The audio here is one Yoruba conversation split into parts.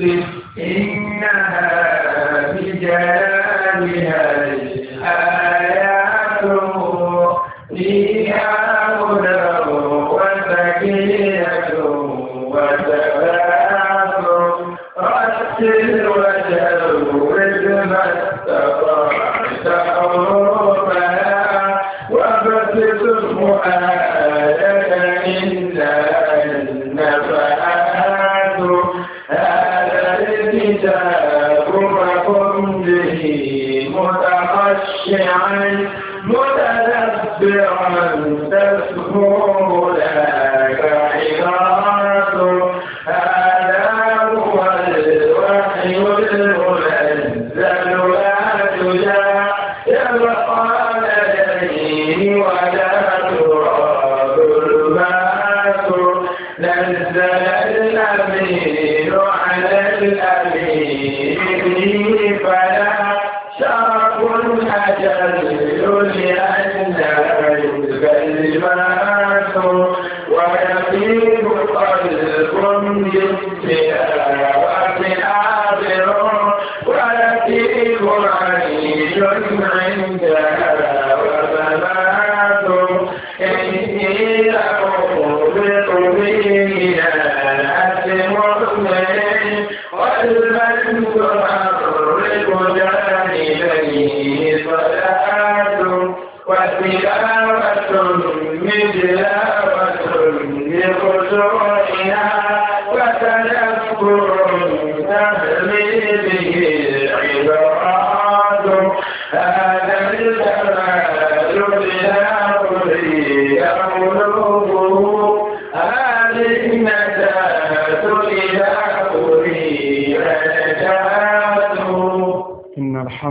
إنها بجلالها الآية شيعا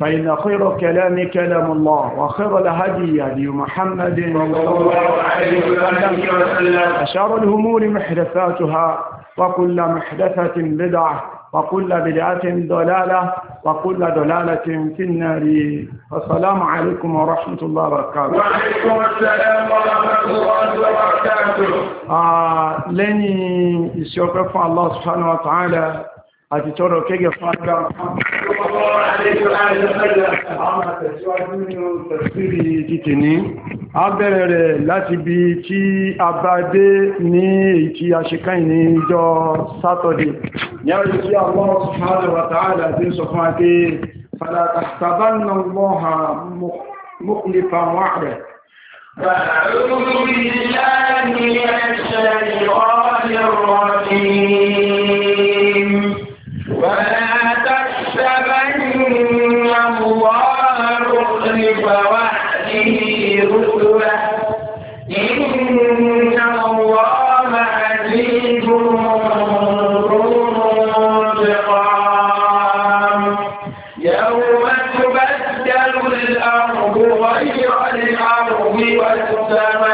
فإن خير كلام كلام الله وخير الهدي هدي محمد صلى الله عليه وسلم أشار الهمور محدثاتها وكل محدثة بدعة وكل بدعة ضلالة وكل ضلالة في النار والسلام عليكم ورحمة الله وبركاته وعليكم السلام ورحمة الله وبركاته آه لني الله سبحانه وتعالى àti tọ́rọ kẹ́gẹ̀ fún agbá a bẹ̀rẹ̀ rẹ̀ láti bí tí a bá dé ní èyí tí a ṣe káì ní ìjọ Allah subhanahu wa ta'ala tí ń sọ fún àti fala tahsabanna Allaha mukhlifa wa'dahu فأعوذ بالله من الشيطان ولا تحسبن الله مخلف وعده رسله إن الله عزيز انتقام يوم تبدل الأرض غير الأرض والسماء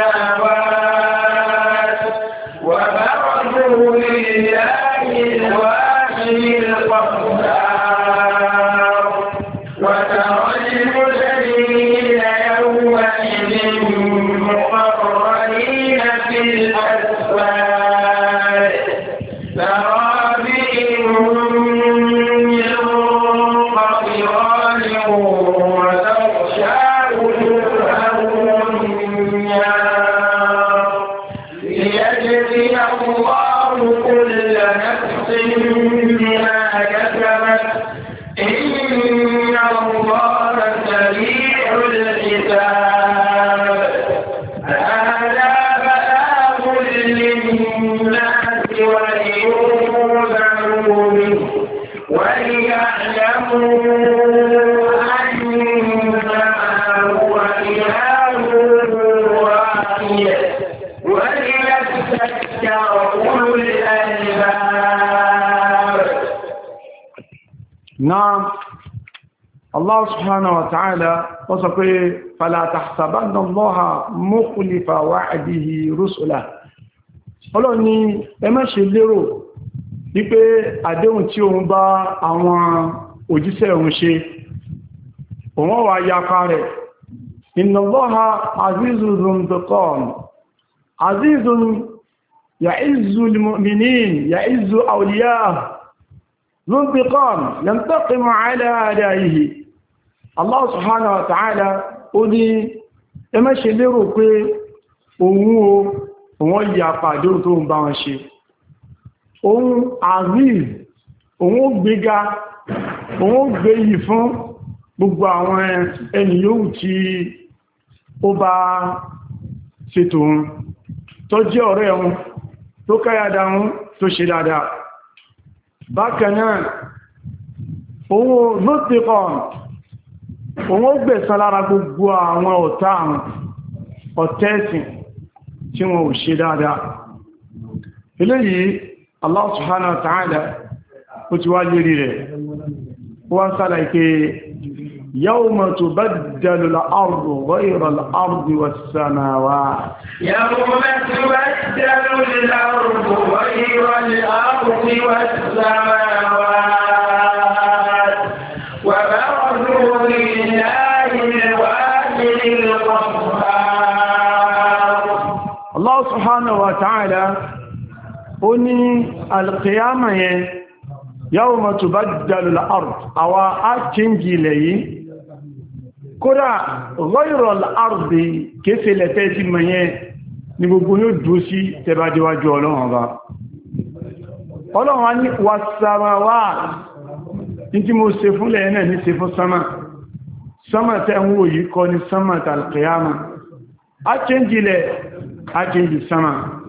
Allah subhanahu wa ta'ala wọ́n sọ pé fala tahsabanna Allaha mukhlifa wa'dihi rusulah ọlọ́run ni ẹ má ṣe lérò wípé àdéhùn tí òun bá àwọn òjíṣẹ́ òun ṣe òun wà yapa rẹ̀ inna Allaha azizun zuntuqam azizun ya'izzu al-mu'minin ya'izzu awliya zuntuqam yantaqimu ala adaihi Allah subhanahu wa ta'ala ó ní ẹmẹ́ṣe lérò pé òun o wọ́n yà pàdé tó ń bá wọn ṣe òun àríl òun ó gbéga òun ó gbé yìí fún gbogbo àwọn ẹni tí ó bá ṣètò wọn tó jẹ́ ọ̀rẹ́ wọn tó káyàdá wọn tó ṣe dáadáa bákan òun ló òun ó gbẹ̀san lára gbogbo àwọn ọ̀tá àwọn ọ̀tẹ́ẹ̀sìn tí wọn ò ṣe dáadáa eléyìí Allah subhanahu wa ta'ala ó ti wá lérí rẹ̀ wọ́n sára ike يوم تبدل الأرض غير الأرض والسماوات يوم تبدل الأرض غير الأرض والسماوات wa ta'ala ó ní alkiyama yẹn yawma tubaddalu al-ard àwa á kíǹgì ilẹ̀ yìí kódà ghayra al-ard kéfè lẹ́fẹ́ ti mọ̀ yẹn ni gbogbo yóò dúó sí tẹbàdíwájú ọlọ́run ọba ọlọ́run wá ní wàsàmàwà ní tí mo ṣe fúnlẹ̀ ẹ̀nà ní ṣe fún sánmà sánmà tẹ́ ń wò yìí kọ́ ní sánmà tàlkìyàmà a ilẹ̀ a change sánmà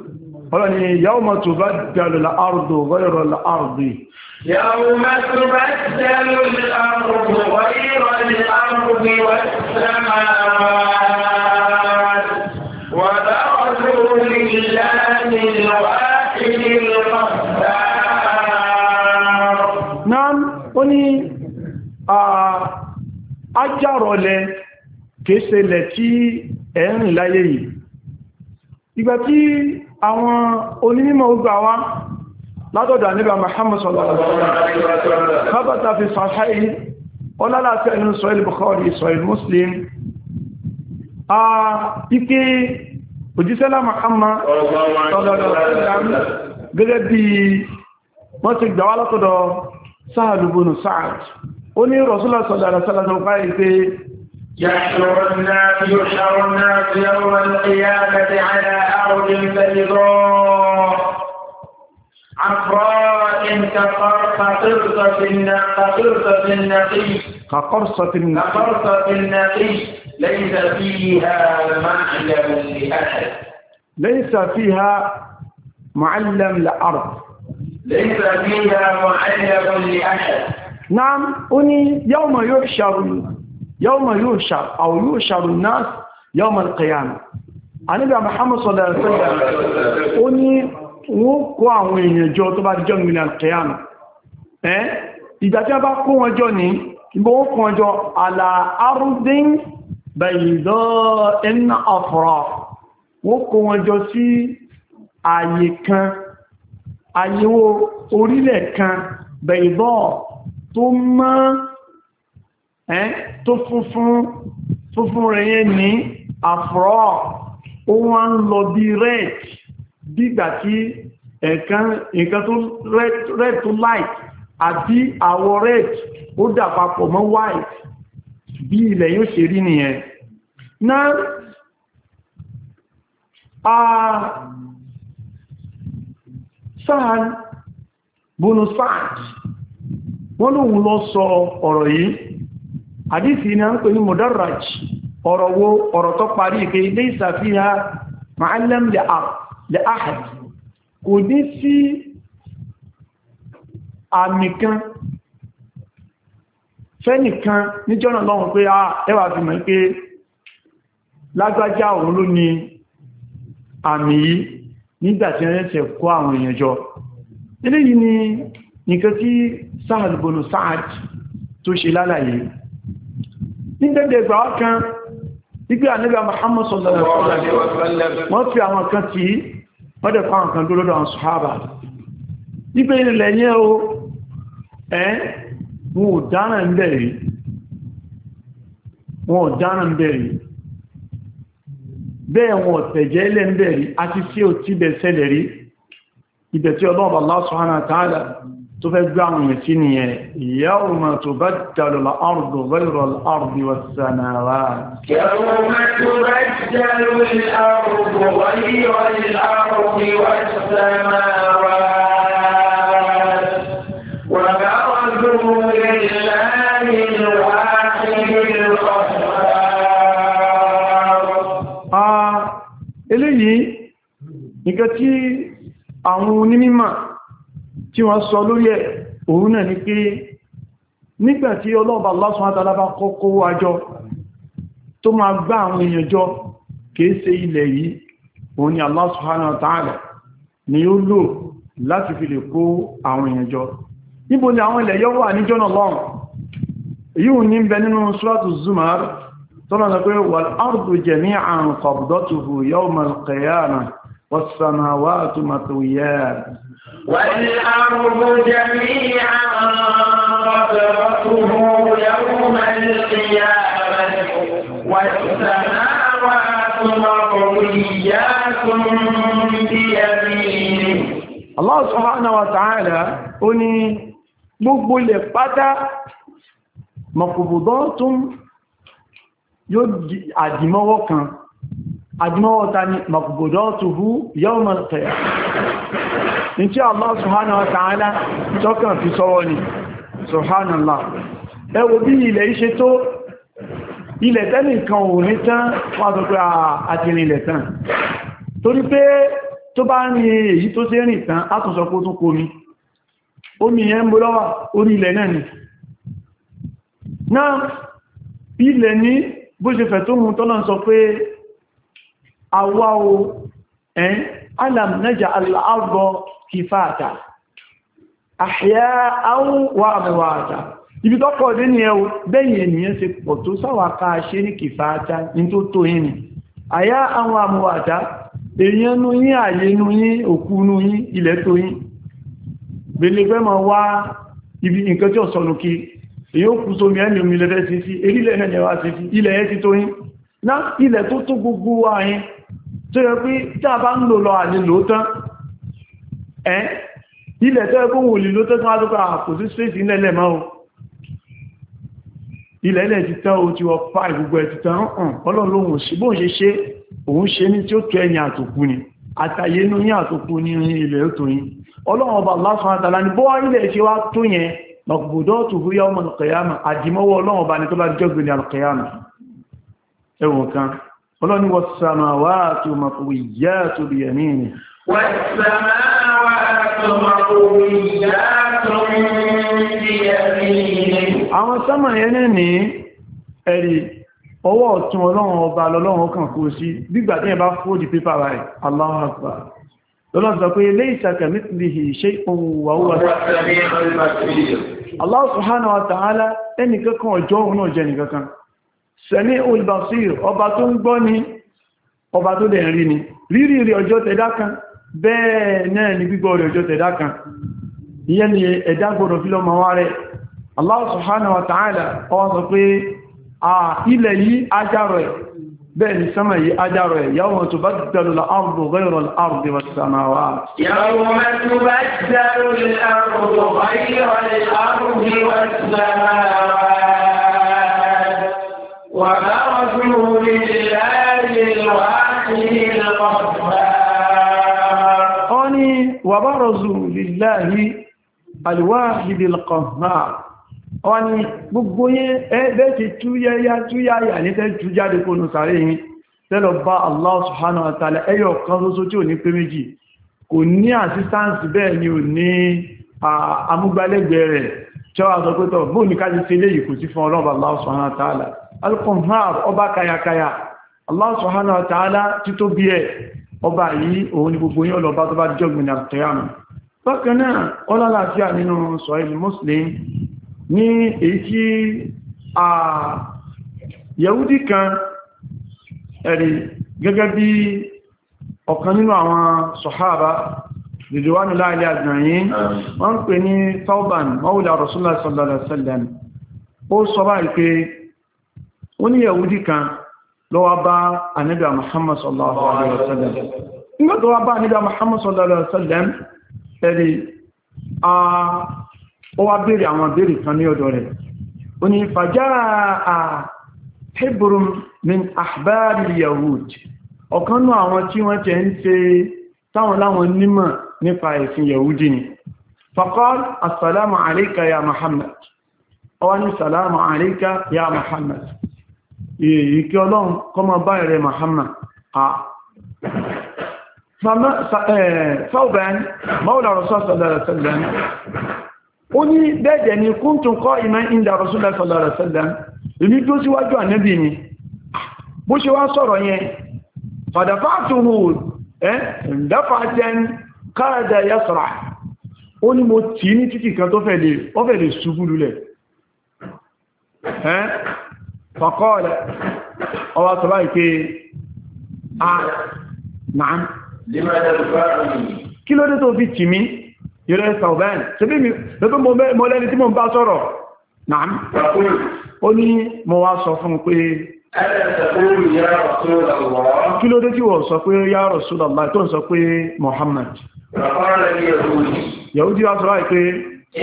ọlọ́ni yàwùmọ̀ tó bá dàlù l'áàrùdù wọ́yọ̀rọ̀ l'áàrùdù yàwùmọ̀ tó bá dàlù l'áàrùdù wọ́yọ̀rọ̀ l'áàrùdù wọ́n sẹ́mà Ajárọ̀lẹ̀ kìí ṣe lẹ̀ tí ẹ̀rìn láyé yìí, ìgbà tí àwọn onímọ̀ ogbà wá látọ̀dọ̀ àníbà Muhammad sallallahu alaihi wasallam kábàtà fi sahih ọlálàáfẹ́ ẹnu Sahih Bukhari Sahih Muslim a ike òjísẹ́lá Muhammad gẹ́gẹ́ bí wọ́n ti gbà wá látọ̀dọ̀ Sahal ibn Sa'ad ó ní Rasulullah sallallahu alaihi wasallam يحشر الناس يحشر الناس يوم القيامة على أرض بيضاء عفراء كقرصة كقرصة النقي كقرصة النقي ليس فيها معلم لأحد ليس فيها معلم لأرض ليس فيها معلم لأحد نعم أني يوم يحشر yawma yushar aw yushar an-nas yawm al-qiyamah anibi muhammad sallallahu alaihi wasallam oni wọ́n kó àwọn èèyàn jọ tó bá jọ min al-qiyamah eh ìgbà tí a bá kó wọn jọ ní ibo wọ́n kó wọn jọ ala ardin bayda in afra wọ́n kó wọn jọ sí àyè kan àyèwò orílẹ̀ kan bayda tó máa tó funfun funfun rẹ̀ yẹn ní àfúrọ́ ó wá ń lọ bí red bígbà tí nǹkan tó red tó light àti àwọ̀ red ó dà papọ̀ mọ́ white bí ilẹ̀ yóò ṣe rí nìyẹn náà sáàn bónú sáàdì wọ́n lóhun lọ sọ ọ̀rọ̀ yìí àdísì iná ń pè ní mudarraj ọ̀rọ̀ wo ọ̀rọ̀ tó parí ìpé ilé ìsàfíà ma'alam le'ahad kò ní sí àmì kan fẹ́nìkan ní jọ́nà lọ́wọ́n pé a ah, ẹwà fi mọ̀ pé lágbájá òun ló ní àmì yìí nígbàtí ẹ̀rẹ́sẹ̀ kó àwọn èèyàn jọ eléyìí ni nǹkan tí sáàdì sáàdì tó ṣe lálàyé nígbẹ̀dẹ̀ ìgbà ọkàn igbé àníbà Muhammad sallallahu alaihi wasallam wọ́n fi àwọn kan tí wọ́n dẹ̀ fáwọn o ẹ́ wọn ò dára ń bẹ̀rẹ̀ wọn ò dára ń bẹ̀rẹ̀ bẹ́ẹ̀ wọn ọ̀tẹ̀jẹ́ ilẹ̀ ń Allah subhanahu wa تفجعني مسيني يوم تبدل الأرض غير الأرض والسماوات يوم تبدل الأرض غير الأرض والسماوات وبرزوا لله الواحد القهار آه إليه نكتي أمو نمي tí wọ́n sọ lórí ẹ̀ òun náà ni pé nígbàtí ọlọ́ọ̀bà Allah subhanahu wa ta'ala bá kọ́kọ́ wájọ́ tó máa gbá àwọn èèyàn jọ kìí ṣe ilẹ̀ yìí òun ni Allah subhanahu ni ó lò láti fi lè kó àwọn èèyàn jọ níbo ni àwọn ilẹ̀ yọ ní jọ́nà lọ́rùn والأرض جميعا قبضته يوم القيامة والسماوات مطويات بيمينه الله سبحانه وتعالى ó ní gbogbo ilẹ̀ pátá mọ̀kùbùdọ́ tún yóò àdìmọ́wọ́ kan àdìmọ́wọ́ ta ni mọ̀kùbùdọ́ tó hú yọ́ mọ̀ tẹ̀yà ní tí Allah subhanahu wa ta'ala tọ́kàn fi sọ́wọ́ ni subhanallah ẹ wo bí ilẹ̀ iṣẹ́ tó ilẹ̀ tẹ́lì kan ò ní tán wọ́n pẹ́ àtìrìn ah, ilẹ̀ tán torí pé tó bá ní èyí tó ṣe rìn tán á tún sọ pé omi yẹn mú lọ́wà orí ilẹ̀ náà ni náà ilẹ̀ ní bó ṣe fẹ̀ tó mú tọ́lọ́ sọ pé àwa alam naj'al al-ardha kifata ahya'an wa amwata ibi tó ko de ni e o beyin pọ̀ tó sawa ka ṣe ni kifata in to aya an wa amwata nu nu nu tó yín ma ibi nǹkan tí ó so mi ti yín gbogbo wa tó yẹ pé tí a bá ń lò lọ àní lóótán ẹ́ ilẹ̀ tó yẹ kó wò lè tó wá tó kọ́ kò sí space ilẹ̀ ilẹ̀ ilẹ̀ ilẹ̀ ti tán o ti wọ pa ìgbogbo ẹ̀ ti tán ọlọ́run sí bóun ṣe ṣe òun ṣe ní tí ó tó ẹ̀yìn àtòkù ni àtàyé inú yín àtòkù ní ilẹ̀ òtò yín ọlọ́run ọba lásán àtàlá ni bó wá ilẹ̀ ṣe wá tó yẹn lọ́gbọ̀dọ́ tó hú yá ọmọ alùkẹ̀yàmù àdìmọ́wọ́ ọlọ́run ọba ni tó bá jọ́gbìn alùkẹ̀yàmù ẹ̀wọ̀n kan ọlọ́ni wọ́n sàmàwà tó mọ̀kòwì yá tó bí ẹ̀mí ni àwọn sọ́mà yẹn ní ní ẹ̀rí ọwọ́ ọ̀tún ọlọ́run ọba lọ́lọ́run kan kó sí gbígbà tí ẹ bá fóòdì pépà rẹ̀ Allahu Akbar pé laysa kamithlihi shay'un wa huwa Allahu subhanahu sẹ̀mí olùbàṣír ọba tó ń gbọ́ ni ọba tó dẹ̀ ń rí ni rírí rí ọjọ́ tẹ̀dá kan bẹ́ẹ̀ náà ni gbígbọ́ rí ọjọ́ tẹ̀dá kan ìyẹn ni ẹ̀dá gbọ́dọ̀ fi lọ́mọ wá rẹ̀ Allah subhanahu wa ta'ala ó sọ pé ni sánmà yìí ajárọ̀ وبرزوا لله الواحد القهار أني وبرزوا لله الواحد القهار ọni gbogbo yín ẹgbẹ́ ti túyẹyá túyáyà ní tẹ́ tú jáde kónú sàárè yìí tẹ́lọ bá Allah subhanahu wa ta'ala ẹyọ kan ṣoṣo tí ò ní pé méjì kò ní àsístáǹsì bẹ́ẹ̀ ni ò ní amúgbálẹ́gbẹ̀ẹ́ rẹ̀ tí ó wà sọ pé tọ́ bóò ní ká ti ṣe léyìí kò sí fún ọlọ́ọ̀bà Allah subhanahu wa ta'ala alkohar ọba kayakaya Allah subhanahu wa ta'ala tító bí ẹ ọba yìí òun ni gbogbo yíò lọ́ba tó bá jọ́gbìn àtẹ́yàmù bákan náà ọlálàáfíà nínú sọ̀rọ̀ muslim ní èyí tí a yahudi kan ẹ̀rí gẹ́gẹ́ bí ọ̀kan nínú àwọn sọ̀háàbá dìdíwánù láàrin àjìnàyìn wọ́n pè ní tauban maula rasulullah sallallahu alaihi wasallam ó sọ báyìí pé ó ní yẹ̀wúdí kan lọ́wọ́ bá ànábì Muhammad sallallahu alaihi wasallam nígbà tó wá bá ànábì Muhammad sallallahu alaihi wasallam ẹ̀rí ó wá béèrè àwọn béèrè kan ní ọ̀dọ̀ rẹ̀ ó ní fàjáà hibrun min ahbari yahud ọ̀kan náà àwọn tí wọ́n tẹ̀ ń ṣe táwọn láwọn nímọ̀ nípa ẹ̀sìn yahudi ni faqal assalamu alayka ya Muhammad ọwá ní salamu alayka ya Muhammad ìkí ọlọ́run kọmọ bá ẹ̀rẹ̀ Muhammad a Sauban maula rasul sallallahu alaihi wasallam ó ní bẹ́ẹ̀dẹ̀ ni kuntum qa'iman inda rasul sallallahu alaihi wasallam ìlú tó síwájú ànábì ni bó ṣe wá sọ̀rọ̀ yẹn fàdàfàtùhù ẹ́ ǹdáfàtẹ́n káàdà yásọ̀rà ó ní mo tí ní títì kan tó fẹ́ lè ṣubú lulẹ̀ fọ̀kọ́ọ̀lẹ̀ ọwọ́ sọ báyìí pé a máa kí ló dé tó fi tì mí yẹ́rẹ́ sọ̀bẹ́n tí bí mo lẹ́ni tí mo bá sọ̀rọ̀ náà ó ní mo wá sọ fún pé kí ló dé tí wọ́n sọ pé yá Rasulullah tó ń sọ pé Muhammad yahudi wá sọ́rọ̀ pé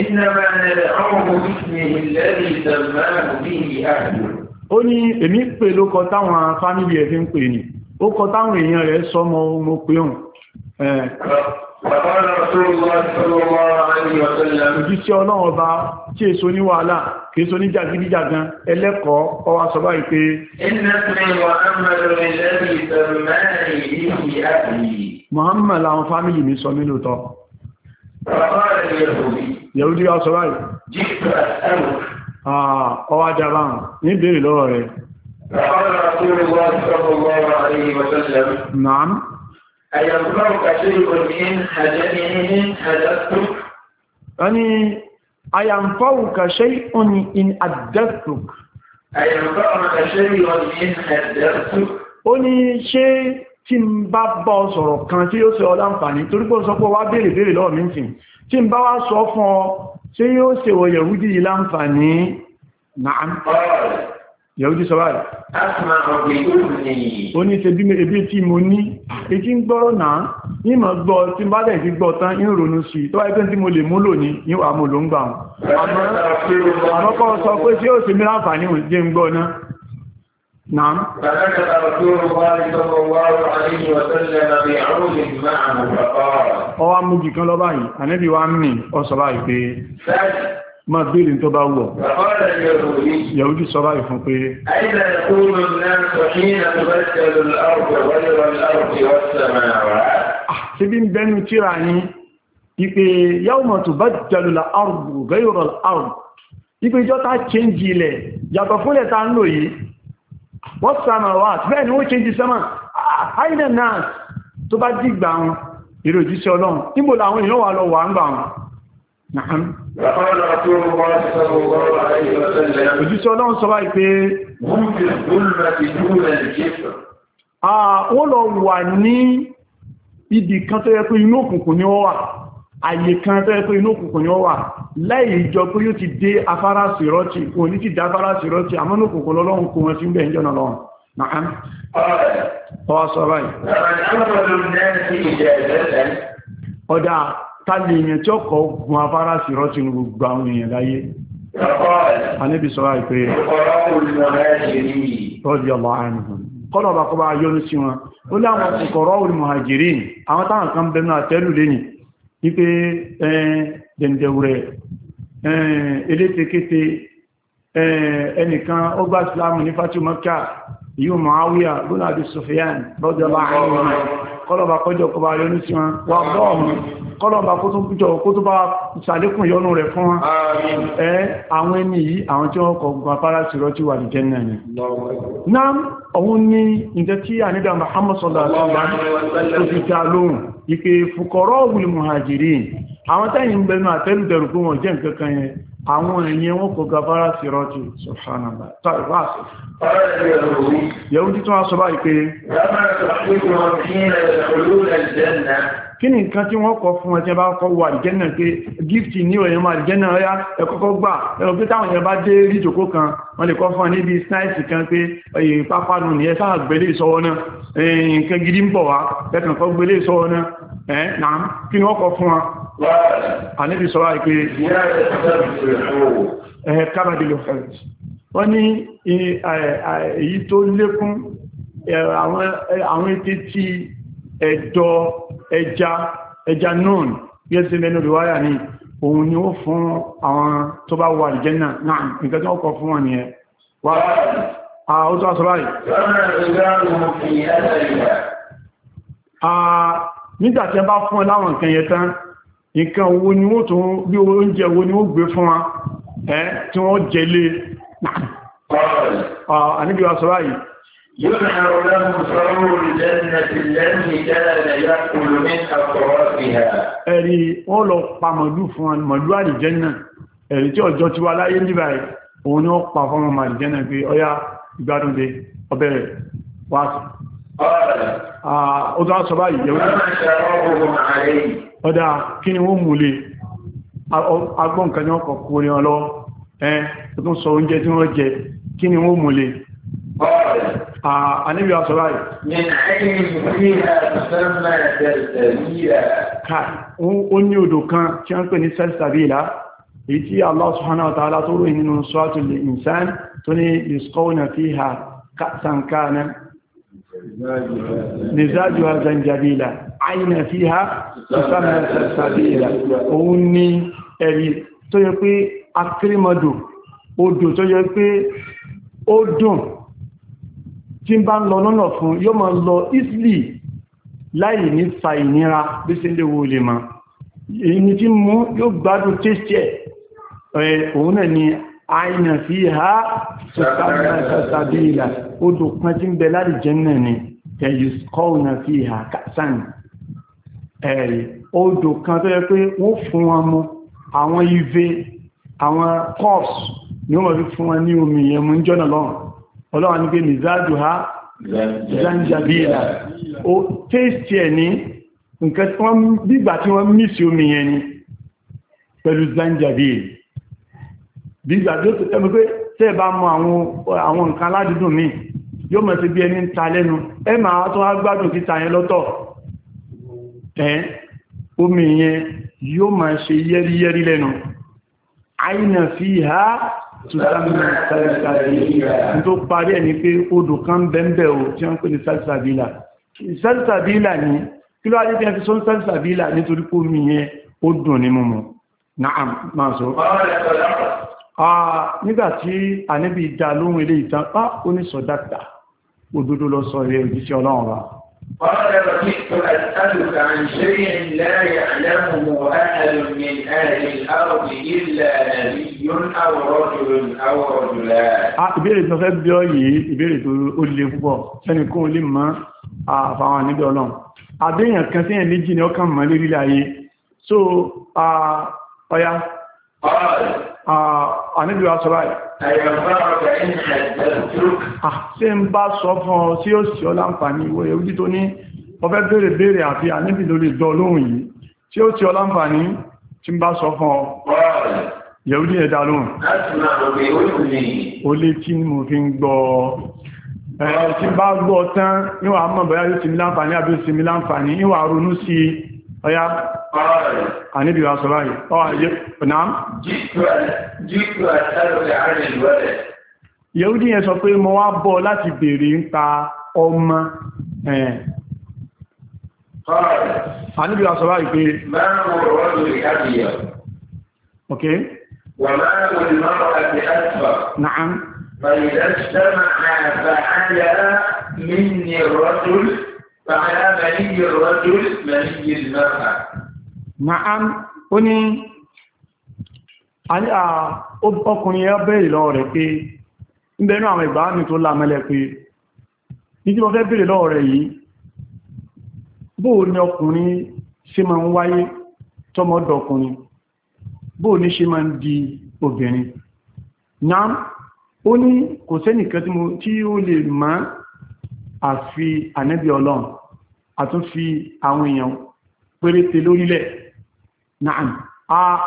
إنما نلعبه باسمه الذي سماه به أهله ó ní èmi pè lókọ táwọn fámílì ẹ̀ fi ń pè ní ó kọ táwọn èèyàn rẹ̀ sọmọ mo pé òun òjíṣẹ́ ọlọ́run ọba tí èso ní wàhálà kìí so ní jàgídíjàgan ẹlẹ́kọ̀ọ́ ọwá sọ báyìí pé Muhammad fámílì mi sọ mí lóòtọ́ Yẹ̀húdí wá sọ ọwá jábá ní bèèrè lọ́wọ́ rẹ̀ Nàán. Ẹni ayàmfáwùkà ṣe òní in àdẹ́sùk. Ayàmfáwùkà ṣe òní in àdẹ́sùk. Ó ní ṣe tí ń bá bọ́ sọ̀rọ̀ kan tí ó ṣe ọlá ń fà ní torípò sọ wá bèèrè bèèrè lọ́wọ́ mi tí ń bá wá sọ fún ọ ṣe yóò ṣe wọ yẹ̀wúdí yìí láǹfààní náà yẹ̀wúdí sọ́bàrì ó ní ṣe bí ebí tí mo ní èkí ń gbọ́rọ̀ náà ní mọ̀ gbọ́ tí bá dẹ̀ fi gbọ́ tán ń ronú sí tó wáyé tí mo lè mú lò ní ní àmúlò ń gbà wọn àmọ́ sọ pé ṣe yóò ṣe mí láǹfààní jẹ́ ń gbọ́ náà نعم فسكت رسول الله صلى الله عليه وسلم بعود معه فقال ó wá mú jìkan lọ báyìí ànábì wá ń rìn ó sọ báyìí pé máa béèrè tó bá wọ̀ yàwójú sọ báyìí fún pé ah, ṣe bí ń bẹnu tíra yín ipe yawma tubaddalu al-ardu ghayra al-ardu ipe ìjọ́ta change ilẹ̀ yàtọ̀ fúnlẹ̀ ta ń lò yìí What wọ́n sàmà wà bẹ́ẹ̀ ni wọ́n ṣe jí sẹ́mà àìnà náà tó bá dìgbà wọn èrò òjíṣẹ́ ọlọ́run níbo làwọn èèyàn wà lọ wà ń gbà wọn òjíṣẹ́ ọlọ́run sọ wá pé ah, wọ́n lọ wà ní ibì kan tó yẹ pé inú òkùnkùn ni wọ́n wà àyè kan tẹ́ pé inú òkùnkùn yóò wà láì ìjọ pé yóò ti dé afárá sírọ́tì kò ní ti dá afárá sírọ́tì àmọ́ inú òkùnkùn lọ́lọ́run kò wọ́n sí ń bẹ̀ ń jọ́nà lọ́run nàán ọwọ́ sọ báyìí tàbí tí ó afárá sí wípé dẹ̀ndẹ̀wùrẹ̀ elétekéte ẹnìkan ó gba ìsìlámù ní fátí mọ́kà yíò Muawiya bun Abi Sufyan lọ́jọ́lá àìyàn kọ́lọ̀bà kọjọ kọba yọ ní tiwọn wà bọ́ọ̀mù kọ́lọ̀bà kó tó jọ kó tó bá ṣàlékùn yọnu rẹ̀ fún ẹ́ àwọn ẹni yìí àwọn tí wọ́n kọ̀ gbà fara sírọ́ tí wà ní jẹ́ náà Muhammad sallallahu alaihi wasallam tó fi dá lóhùn ìpè fukọ̀rọ̀ wùlì muhajirin àwọn tẹ́yìn àwọn èèyàn wọn kò gafara sí rọ́jù sọ̀fánàlá tàbí yẹ̀wùdí tó wá sọ báyìí pé kí ni nǹkan tí wọ́n kọ fún ẹ̀tẹ́ bá kọ́ wà ìjẹ́nà pé gífìtì ní ọ̀yẹ́ máa ìjẹ́nà ọ̀yá ẹ̀kọ́kọ́ gbà ẹ̀rọ pé táwọn èèyàn bá dé rí jòkó kan wọ́n lè kọ́ fún ọ níbi snaisi kan pé ọyẹ pápánu ní ẹsà gbélé ìṣọwọ́ náà nǹkan gidi ń bọ̀ wá ẹ̀kàn kọ́ gbélé ìṣọwọ́ náà kí ni wọ́n kọ fún wa àníbi sọ́ra pé ẹ̀ kábàdì ló fẹ́ wọ́n ní èyí tó lékún àwọn ètè tí ẹ̀dọ̀ ẹja ẹja náà gẹ́sí mẹ́nu ríwáyà ní òun ni ó fún àwọn tó bá wà àlìjẹ́nà náà nǹkan tó kọ fún wọn ni ẹ wà ó tó aṣọ báyìí nígbà tí ẹ bá fún ẹ láwọn nǹkan yẹn wọ́n jẹ lé náà àníbí wa ينهر لهم ثمور الجنة الذي كان يأكل من أطرافها. ẹ̀rí wọ́n lọ pa màlúù fún wa màlúù àlìjẹ́nà ẹ̀rí tí ọjọ́ ti wá láyé níbà ẹ̀ òun ni wọ́n pa fún ọmọ àlìjẹ́nà pé ọya ìgbádùn dé ọbẹ̀ rẹ̀ wá sí. ọ̀dọ̀ tó sọ oúnjẹ tí Àníbi ọ̀sọ̀ báyìí. Ó ní odò kan tí a ń pè ní Sẹ́lsàbílá, èyí tí Allah Subhanahu wa ta'ala tó ròyìn nínú Suratul Insan tó ní Yusqawna fiha ka'san kana. Nìzájúwà Zanjabila, àìnà fiha Sẹ́sàmà Sẹ́lsàbílá. Òun ní ẹ̀rí tó yẹ pé akérèmọdò, odò tó yẹ pé ó dùn tí ń bá ń lọ lọ́nà fún yóò máa lọ easily láì ní fa ìnira bí sí léwo olè ma èyí tí mú yóò gbádùn taste ẹ̀ òun náà ni àìnà fi ha sọ́sàbílà odò kan tí ń bẹ láti jẹ́ náà ni tẹ̀yùskọ́ọ̀nà fi ha kásán àwọn ive àwọn cups ni wọ́n fi fún wọn ní omi ìyẹmú jọ́nà lọ́rùn ọlọ́wọ́n ní pé mìzájú ha zanjabila o taste ẹ̀ ní nǹkan tí wọ́n bígbà tí wọ́n mí sí omi yẹn ni pẹ̀lú zanjabila bígbà tó tẹ́mù pé tẹ́ bá mọ àwọn nǹkan aládùdùn mi yóò mọ̀ sí bí ẹni ta lẹ́nu ẹ máa tó wá gbádùn títa yẹn lọ́tọ̀ ẹ̀ tó parí ẹni pé odò kan bẹ́ẹ̀bẹ̀ o tí wọ́n pè ní sálsàbílà sálsàbílà ní kí ló wá jẹ́ fi sọ́n sálsàbílà nítorí kó mi yẹn ó dùn ní múmu náà máa sọ nígbàtí àníbi ìdá lóhun ilé ìtàn á ó ní sọ̀dáta òdodo lọ sọ rẹ̀ òjíṣẹ́ ọlọ́run قال وكدت أسألك عن شيء لا يعلمه أحد من أهل الأرض إلا نبي أو رجل أو رجلان. Ah, ìbéèrè tó fẹ́ bí ọ yìí ìbéèrè tó ó le púpọ̀ sẹ́ni kó lè mọ àfàwọn níbi ọlọ́run àbẹ́yàn kan sẹ́yìn méjì ni ọkàn mọ́ lérí láyé so ọya. ọ̀rọ̀ Ah, àníbíwá sọ báyìí. Ah, ṣe ń bá sọ fún ọ tí ó sì ọ láǹfààní ìwò èrújí tó ní ọfẹ́ bèèrè bèèrè àti àníbì lórí ìjọ olóhùn yìí tí ó sì ọ láǹfààní tí ń bá sọ fún ọ yẹ̀údí ẹ̀dà lóhùn ó lé tí mo fi ń gbọ́ ẹ̀ tí bá gbọ́ tán níwà mọ̀ bẹ̀rẹ̀ sí mi láǹfààní àbí sí mi láǹfààní níwà ronú sí i ọya àníbì wa sọ́rọ̀ yìí ọwà yìí náà jíkù àtàrí àárín ìwọ́lẹ̀ yẹ̀údí yẹn sọ pé mo wá bọ̀ láti bèèrè ń ta ọmọ ẹ̀ àníbì wa sọ́rọ̀ yìí pé ok wà máa ń àti àtọ̀ فعلى مني الرجل مني ọkùnrin yẹ bèèrè lọ́wọ́ rẹ̀ pé ń bẹ̀rẹ̀ àwọn ìgbà ní tó lámẹ́lẹ̀ pé ní wọ́n fẹ́ bèèrè lọ́wọ́ rẹ̀ yìí bóò ní ọkùnrin ṣe máa ń wáyé tọmọdọkùnrin bóò ní ṣe ma di obìnrin kò sẹ́nìkan tí ó àfi ànẹ́bí ọlọ́run àtúnfi àwọn èèyàn péréte lórílẹ̀ náà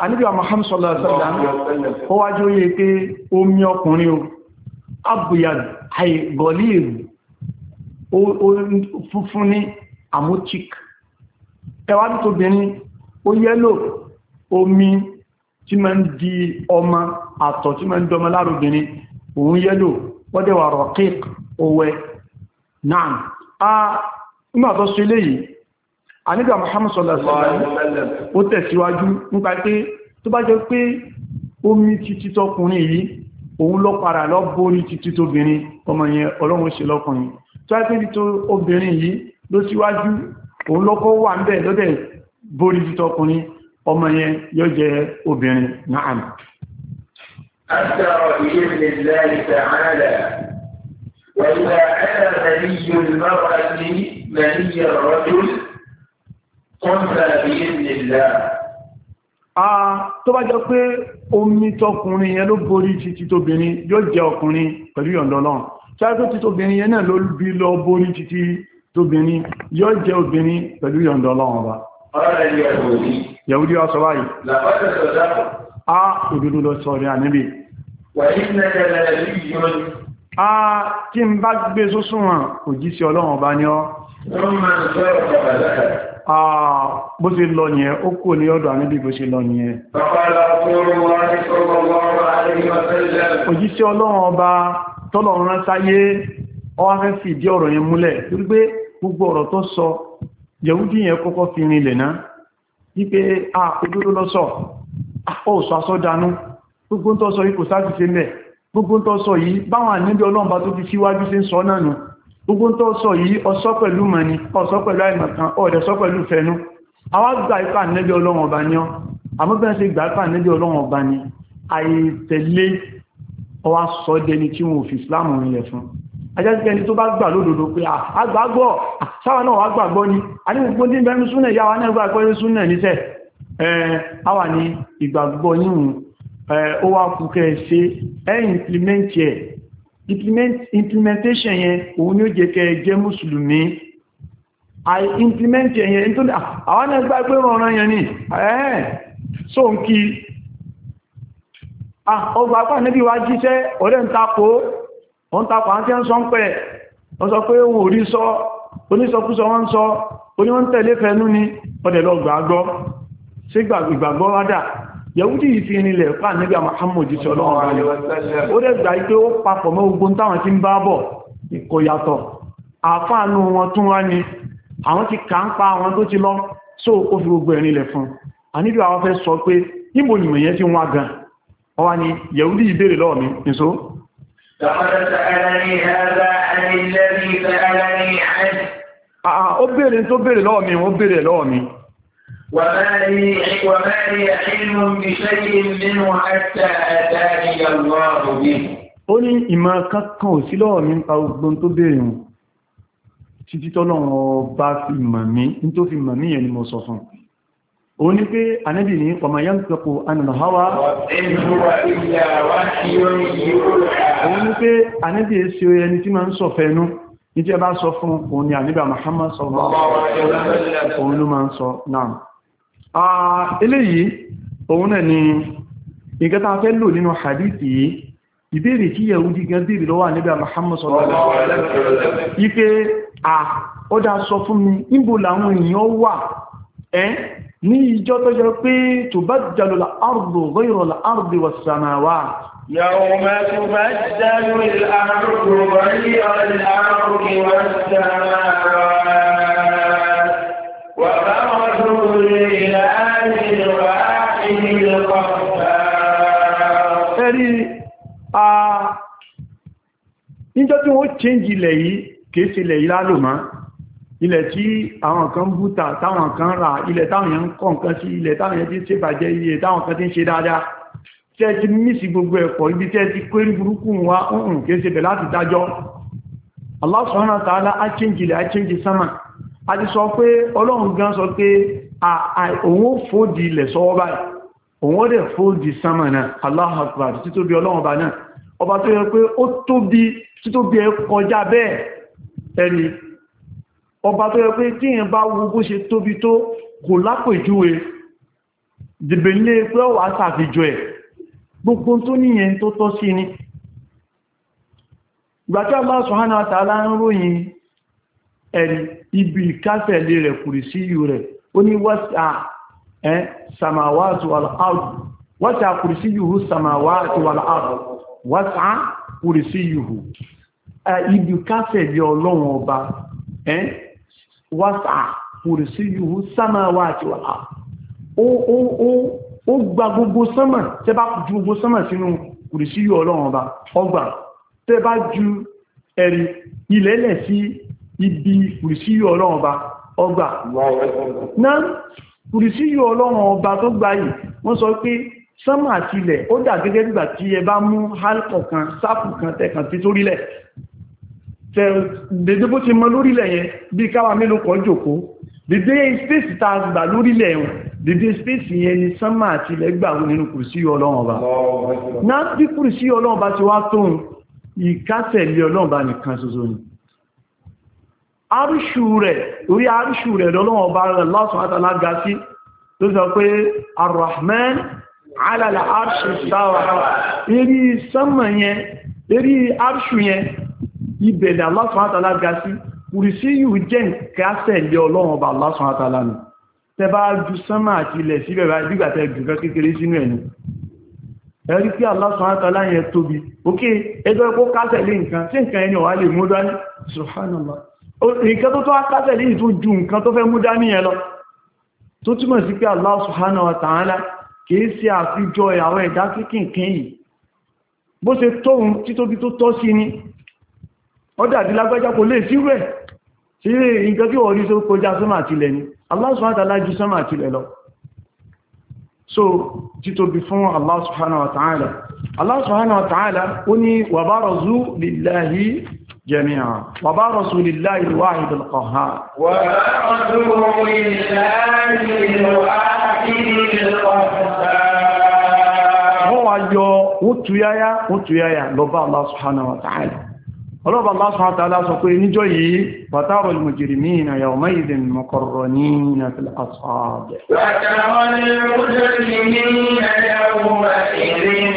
ànẹ́bí Muhammad sallallahu alaihi wasallam ó wájú yé pé omi ọkùnrin o abuyad haigoliru funfun ní amuchik ẹwà tóbìnrin ó yẹ́lò omi tí ma ń di ọmọ àtọ̀ tí ma ń dọmọ lárobìnrin òun yẹ́lò wọ́dẹ̀wà rọ̀kík owẹ́ náà a nígbà tó ṣe léyìí ànígbà Muhammad sallallahu alaihi wasallam ó tẹ̀síwájú nípa pé tó bá jẹ́ pé omi títí tọkùnrin yìí òun lọ para lọ borí títí tóbìnrin ọmọ yẹn ọlọ́run ṣe lọ́kùnrin obìnrin yìí وإذا كان مني المرأة مني الرجل قمنا بإذن الله tó bá jẹ́ pé omi tọkùnrin yẹn ló borí ti ti tóbìnrin yóò jẹ ọkùnrin pẹ̀lú yọ̀ndọ̀ náà ṣáàtò ti tóbìnrin yẹn náà ló bí lọ borí ti ti yóò jẹ obìnrin pẹ̀lú yọ̀ndọ̀ náà ọba yẹ̀wúdí ọsọ a tí ń bá gbé sósùnwọ̀n òjíṣẹ́ ọlọ́run bá ní ọ́ bó ṣe lọ yẹn ó kò ní ọ̀dọ̀ àníbí bó ṣe lọ yẹn òjíṣẹ́ ọlọ́run ọba tọ́lọ̀run ránṣáyé ọwá fẹ́ fi ìdí ọ̀rọ̀ yẹn múlẹ̀ torí pé gbogbo ọ̀rọ̀ tó sọ yẹ̀wúdí yẹn kọ́kọ́ fi rinlẹ̀ náà wípé a òdúró lọ́sọ̀ ó sọ asọ́dánú gbogbo tó sọ ipò sáà ti ṣe mẹ́ gbogbo tó sọ yìí báwọn àníbí ọlọ́mbà tó fi síwájú sí ń sọ náà nù gbogbo tó sọ yìí ọsọ́ pẹ̀lú mọ̀ni ọsọ́ pẹ̀lú àìmọ̀kan ọ̀dẹ̀sọ́ pẹ̀lú fẹnu àwọn gbà ipá àníbí ọlọ́run ọba ni ọ́ àmọ́bẹ̀rẹ̀ sí gbà ipá àníbí ọlọ́run ọba ni àìtẹ̀lé ọwá sọ dẹni tí wọn ò fi ìsìláàmù rinlẹ̀ ni tó bá gbà lódodo pé o eh, wa kú kẹ́ ṣe ẹ́ implement implementation yẹn òun ni ó jẹ́ kẹ́ jẹ́ mùsùlùmí i implement ẹ̀ yẹn nítorí ah, àwọn náà gbá eh, so n kí ah, ọgbà pà níbi wá jíṣẹ́ ọ̀rẹ́ ń tapò wọ́n tapò àti ń ń pẹ̀ wọ́n sọ pé òun ò rí sọ onísọkúsọ wọ́n ń sọ oníwọ́n tẹ̀lé ni sí yẹ̀wúdí yìí fi rinlẹ̀ pà níbi Muhammad jíṣẹ́ ọlọ́run rẹ̀ ó dẹ̀gbà ipé ó papọ̀ mọ́ ogun táwọn tí ń bá bọ̀ kò yàtọ̀ àfáànú wọn tún wá ní àwọn ti kà ń pa àwọn tó ti lọ só ó fi gbogbo fún àníbí àwọn fẹ́ sọ pé níbo ìmọ̀ ah, ah, ó tó ó وما لي وما لي علم بشيء منه حتى أتاني الله به ó ní ìmọ̀ kankan ò sí lọ́wọ́ mi nípa ogun tó béèrè wọn títí tọ́lọ́run ọba fi mọ̀ mí ní tó fi mọ̀ mí yẹn ni mo sọ fún ó ní pé anẹ́bì ní ọmọ yá ń pẹ̀pù anàlọ́háwá ó ní pé anẹ́bì ṣe ẹni tí ma ń sọ fẹ́nu ní tí ẹ bá sọ fún òun ni àníbà Muhammad sọ eléyìí òun náà ni nǹkan tá a fẹ́ lò nínú hadithi yìí ìbéèrè tí Yahudi gan béèrè lọ́wọ́ Ànábì Muhammad sallallahu alaihi wasallam ipé à ó dá sọ fún mi níbo làwọn èèyàn wà ní ìjọ tó jẹ́ pé tubaddalu al-ardu ghayra al-ardi was-samawat يوم Ẹ̀rí a níjọ́ tí wọ́n change ilẹ̀ yìí kìí sí ilẹ̀ yìí lálò máa, ilẹ̀ tí àwọn kan búta táwọn kan rà ilẹ̀ táwọn yẹn ń kọ́ nǹkan sí ilẹ̀ táwọn yẹn ti ṣe bàjẹ́ iye táwọn kan ti ń ṣe dáadáa. Tẹ́ ti mísì gbogbo ẹ̀kọ́ ibi tẹ́ ti kó ní burúkú wa ń kìí ṣe bẹ̀ láti dájọ́. Allah subhanahu wa ta'ala á change ilẹ̀ á change sánmà a ti sọ pé ọlọ́run gan sọ pé òun ó fòdì ilẹ̀ sọ́wọ́ báyìí òun ó dẹ̀ fòdì sánmà náà Allahu Akbar títóbi ọlọ́run bá náà ọba tó yẹ pé ó tóbi títóbi ẹ kọjá bẹ́ẹ̀ ẹni ọba tó yẹ pé tí èèyàn bá wo ṣe tóbi tó kò lápèjúwe dìbè nílé pé ọwà sàfijọ ẹ̀ gbogbo tó níyẹn tó tọ́ sí ni ìgbà tí Allah Subhanahu wa ta'ala ń ròyìn ẹ̀rí ibi ìkásẹ̀lé rẹ̀ kùrì sí ìyù rẹ̀ ó ní wọ́sà ẹ́ samawati wal ard wọ́sà kùrì sí ìyù samawati wal ard wọ́sà kùrì sí ìyù ibi ìkásẹ̀lé ọlọ́run ọba ẹ́ wọ́sà kùrì sí ìyù samawati wal ard ó gba gbogbo sánmà tẹ́ bá ju gbogbo sánmà sínú kùrì sí ìyù ọlọ́run ọba ọgbà tẹ́ bá ju ẹ̀rí ilẹ̀lẹ̀ sí ibi kùrìsíyù ọlọ́run ọba ọgbà náà kùrìsíyù ọlọ́run ọba tó gbà yìí wọ́n sọ pé sánmà àti ilẹ̀ ó dà gẹ́gẹ́ nígbà tí ẹ bá mú hálkọ̀ kan sáàpù kan tẹ̀kàn tí sórílẹ̀ dédé bó ti mọ lórílẹ̀ yẹn bí káwà mélòó kan jòkó dédé spéèsì tá a gbà lórílẹ̀ yẹn dédé spéèsì yẹn ni sánmà àti ilẹ̀ gbà ìkásẹ̀lẹ̀ ọlọ́run nìkan ṣoṣo ni arúṣù rẹ̀ orí arúṣù rẹ̀ lọ́lọ́wọ́ bá rẹ̀ lọ́sùn àtàlága sí tó sọ pé arrahman alàlà arṣù sáwà eré sánmà yẹn eré arṣù yẹn ibẹ̀lẹ̀ lọ́sùn àtàlága sí kùrìsí yìí jẹ́ kásẹ̀ lé ọlọ́wọ́ bá lọ́sùn àtàlága tẹ bá ju sánmà àti ilẹ̀ síbẹ̀ bá dígbà tẹ jù fẹ́ kékeré sínú ẹ̀nu ẹ̀rí kí Allah subhanahu wa ta'ala nǹkan tó tó akásẹ̀ ní ìtò ju nǹkan tó fẹ́ mú dání ẹ lọ tó túmọ̀ sí pé Allah subhanahu wa ta'ala kìí sí àfijọ ìyàwó ẹ̀dá sí kìnkín yìí bó ṣe tóhun títóbi tó tọ́ sí ni ó dàbí kò lè sí rẹ̀ sí nǹkan tí wọ́n rí tó kọjá sọ́mà àtìlẹ̀ ni Allah subhanahu wa ju sọ́mà àtìlẹ̀ lọ so títóbi fún Allah subhanahu wa ta'ala Allah subhanahu wa ta'ala ó ní wa barazu lillahi جميعا وبا رسول الله الواحد القهار وبا رسول الله الواحد القهار هو يو وتيايا وتيايا لبا الله سبحانه وتعالى ọlọ́ba Allah subhanahu wa ta'ala sọ pé níjọ́ yìí wàtàrọ̀ al-mujrimina yawma'idhin muqarranina fil asfad. wàtàrọ̀ al-mujrimina yawma'idhin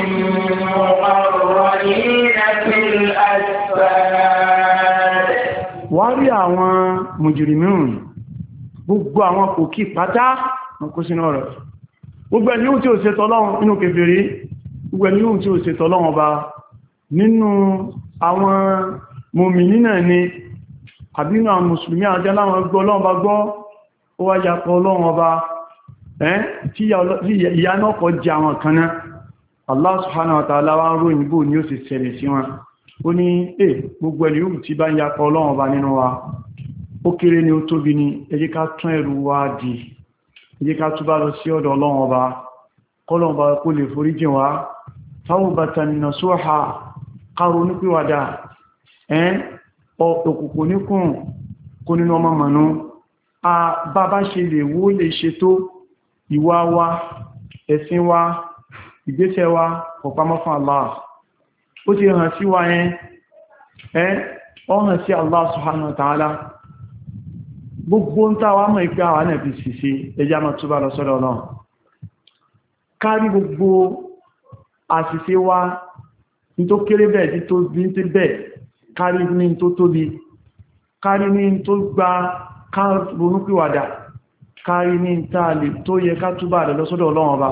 muqarranina fil asfad. wá rí àwọn mujrimun gbogbo àwọn kò kí pátá kó sínú ọ̀rọ̀ gbogbo ẹni àwọn mòmìnì náà ni àbínú àwọn mùsùlùmí àjẹ́ láwọn gbọ́ ọlọ́run bá gbọ́ ó wá yàtọ̀ ọlọ́run ọba tí ìyá náà kọ jẹ àwọn kan náà Allah subhanahu wa ta'ala wá ń ròyìn bò ní ó sì ṣẹlẹ̀ sí wọn ó ní è gbogbo ẹni yóò tí bá ń yàtọ̀ ọlọ́run ni ó tóbi ni ẹ jẹ́ ká tún ẹrù wa dì ẹ jẹ́ ká túbá lọ sí karo ní píwàdà ẹ́n òkùnkù níkùn kó nínú ọmọ mọ̀nú a bàbá ṣe lè wó lè ṣètò ìwà wa ẹ̀sìn wa ìgbésẹ̀ wa ọ̀pamọ́ fún Allah ó ti hàn sí wa yẹn ẹ́ ọ hàn sí Allah subhanahu wa ta'ala gbogbo ń tàwà mọ̀ ìpé àwọn ànàbì sìsì ẹjá mọ̀ túbà lọ sọ́dọ̀ náà kárí gbogbo àṣìṣe wa ní tó kéré bẹ́ẹ̀ tí tó bí tí bẹ́ẹ̀ kárí ní tó tóbi kárí ní tó gba ronúpìwàdà kárí ní tààlì tó yẹ ká túbà rẹ̀ lọ́sọ́dọ̀ ọlọ́run ọba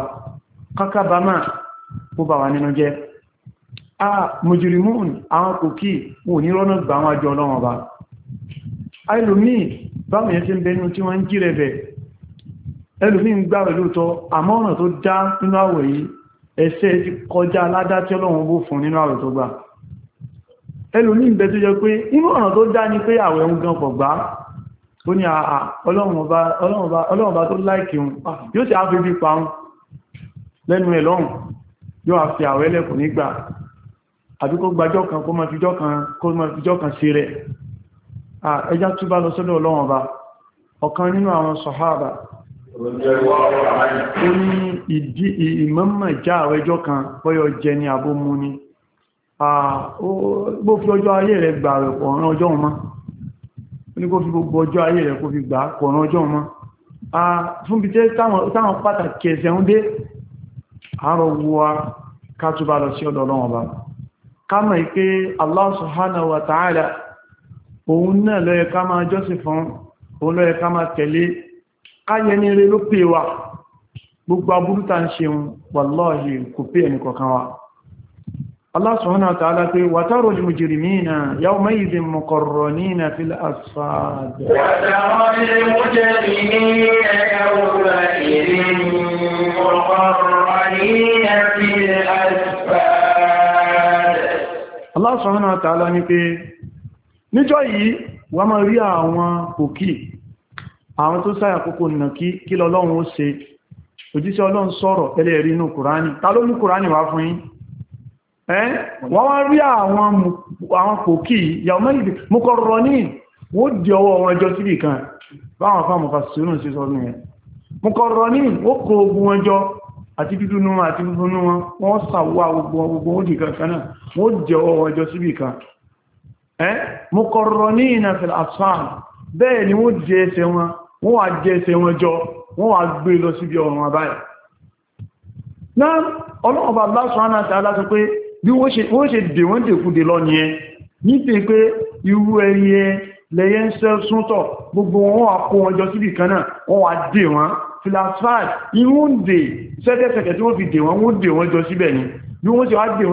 kákàbámà kó bà a mùjìrìmún àwọn kòkí wọn ò ní rọ́nà gbà wọn àjọ ọlọ́run ọba àìlòmí ń bẹnu rẹ̀ bẹ̀ àmọ́ ọ̀nà tó dá nínú àwẹ̀ yìí ẹ̀ṣẹ̀ ti kọjá aládá tí ọlọ́run bó fún nínú àwẹ̀ tó gbà ẹlòmí tó jẹ pé inú ọ̀nà tó dá ní pé àwẹ̀ ń gan pọ̀gbá ó ní àà ọlọ́run bá tó láìkì ohun ah, yóò ti áfẹ́ bí paun lẹ́nu ẹ̀ lọ́run yóò a fi àwẹ̀ lẹ́kùn nígbà àbí gbàjọ́ kan kó ma fijọ́ kan kó ma fijọ́ kan sí rẹ̀ ah, ọba ọ̀kan nínú àwọn sọ̀háàbà ó ní ìdí ìmọ́mọ̀ já àwọn ẹjọ́ kan bọ́yọ̀ jẹ ní abómú ni bó fi ọjọ́ ayé rẹ̀ gbà rẹ̀ ọ̀rán ọjọ́ ọmọ ní kó fi gbogbo ọjọ́ ayé rẹ̀ kó fi gbà ọ̀rán ọjọ́ ọmọ fún bí táwọn pàtàkì ẹ̀sẹ̀ ń dé àárọ̀ wúwa ká tó bá lọ sí ọ̀dọ̀ ọlọ́wọ̀n bá ká mọ̀ pé Allah subhanahu wa ta'ala òun náà ló yẹ ká máa jọ́sìn fún òun ló yẹ ká máa tẹ̀lé káyẹni rẹ ló pè wá gbogbo abúrúta ń ṣe wàláhì kò pé ẹni kọ̀kan wa Allah subhanahu wa ta'ala pé wa tara al-mujrimina yawma'idhin muqarranina fil asfad wa tara al-mujrimina yawma'idhin muqarranina fil ní pé níjọ́ yìí wọ́n máa rí àwọn òkè àwọn tó sáyà kókò nà kí lọ́lọ́run ó ṣe òjíṣẹ́ ọlọ́run sọ̀rọ̀ tẹ́lẹ̀ rí inú kùránì ta ló mú kùránì wá fún yín ẹ́ wọ́n wá rí àwọn kòkí yàmọ́lìdì mọ́kọ̀rọ̀ ní wó di ọwọ́ wọn jọ síbì kan báwọn fáwọn fàṣírùn sí sọ́dún yẹn mọ́kọ̀rọ̀ ní ó kó ogun wọn wó di ọwọ́ wọn jọ síbì kan ẹ́ mọ́kọ̀rọ̀ ní ìnàfẹ́ bẹ́ẹ̀ ni wó di ẹsẹ̀ wọn wọ́n wà jẹ́ ẹsẹ̀ wọn jọ wọ́n wà gbé lọ síbi ọ̀run àbáyà náà ọlọ́ọ̀bà lásán àti aláṣọ pé bí wọ́n ṣe dè wọ́n dèkúdè lọ nìyẹn ní ti pé irú ẹyẹ lẹ́yẹ ń sẹ́ súntọ̀ gbogbo wọn wà kó wọn jọ síbi kan náà wọ́n wà dè wọ́n filafad irú ń dè sẹ́tẹ̀sẹ̀kẹ̀ tí wọ́n fi dè wọ́n wọ́n dè wọ́n jọ síbẹ̀ ni bí wọ́n ṣe wá dè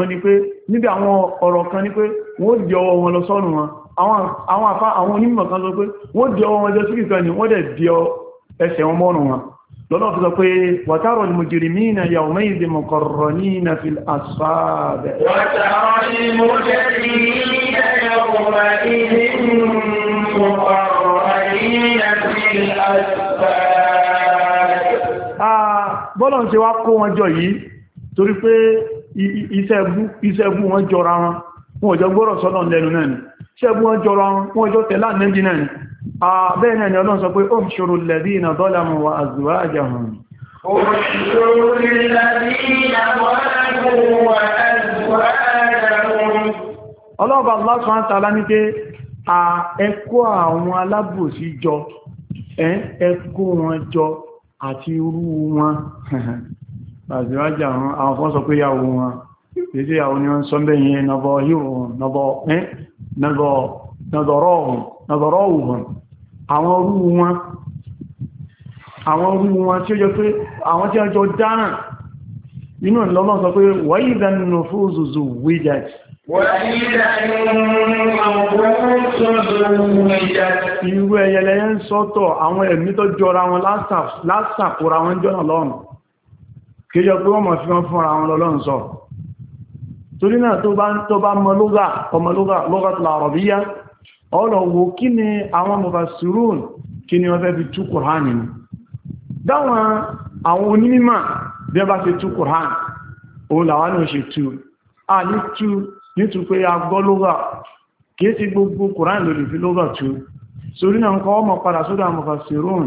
àwọn àfá àwọn onímọ̀ kan sọ pé wọ́n di ọwọ́ wọn jẹ́ sí kìkan ni wọ́n dẹ̀ di ẹsẹ̀ wọn mọ́rùn wọn lọ́nà fi sọ pé wàtàrọ̀ al-mujrimina yawma'idhin muqarranina fil asfad wàtàrọ̀ al-mujrimina yawma'idhin muqarranina fil asfad ah, bọ́lọ̀ ṣe wá kó wọn jọ yìí torí pé iṣẹ́ ẹbú wọn jọra wọn wọn ò jọ gbọ́rọ̀ sọ́nà lẹ́nu náà ṣẹ́gun ọjọ́rọ̀ wọn ọjọ́ tẹ̀lá nẹ́bí náà bẹ́ẹ̀ náà ni ọlọ́run sọ pé ó ṣòro lẹ́bí ìnà dọ́là mọ̀ wà àzúwà àjàhùn ọlọ́ọ̀bà lásán àtàlá ní pé a ẹkọ́ àwọn alábòsí jọ ẹkọ́ wọn jọ àti irú wọn àzúwà àjàhùn àwọn fọ́n sọ pé yàwó wọn nàzọ̀rọ̀ọ̀hùn àwọn orú wọn àwọn orú wọn tí ó jẹ́ pé àwọn tí a jọ dáràn inú ìlọ́lọ́ sọ pé wáyé ìdánilò fún òzòzò wíjájì Irú ẹyẹlẹyẹ ń sọ́tọ̀ àwọn ẹ̀mí tó jọra wọn lásàkóra wọn jọ́nà lọ́rùn. Kí jọ pé wọ́n mọ̀ fi wọ́n fúnra wọn lọ́rùn sọ torí náà tó bá tó bá mọ lóga ọmọ lóga lóga tó làrọ̀ bí yá ọ̀rọ̀ wo kí ni àwọn mufassirun kí ni wọ́n fẹ́ fi tú kùránì ni dáwọn àwọn onímọ̀ bí wọ́n bá fi tú kùránì òun làwọn náà ṣe tú a ní tú nítorí pé a gbọ́ lóga kìí ti gbogbo kùránì lòdì fi lóga tú torí náà ń kọ́ ọmọ padà sódà mufassirun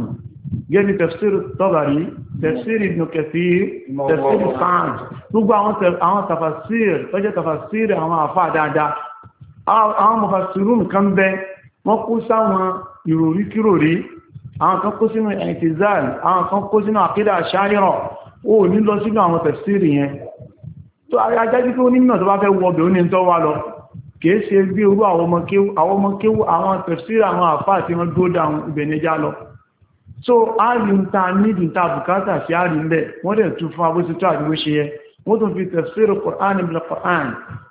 gẹ́ni tẹ̀fṣírí tọ́bàrí tẹ̀fṣírí ibn Kathir tẹ̀fṣírí sáàjì gbogbo àwọn tàfàṣírí tọ́jẹ́ tàfàṣírí àwọn àfà dáadáa àwọn mọ̀fàṣírún kan bẹ wọ́n kó sáwọn ìròrí kíròrí àwọn kan kó sínú ẹ̀tìzáàlì àwọn kan kó sínú àkídà ṣáàrírọ̀ ó ní lọ sínú àwọn tẹ̀fṣírí yẹn tó ajájú pé onímọ̀ tó bá fẹ́ wọ bẹ̀ ó ní tọ́ wá lọ kìí ṣe bí orú àwọn ọmọ kéwú àwọn tẹ̀fṣírí àwọn àfà àti wọn dúó dáhùn ìbẹ̀nẹjá lọ so a rí ń ta nídìí ta bùkátà sí a rí ń bẹ̀ wọ́n dẹ̀ tún fún agbóṣítọ́ àdúgbò ṣe yẹ wọ́n tún fi tafsiru Qur'an ibn Qur'an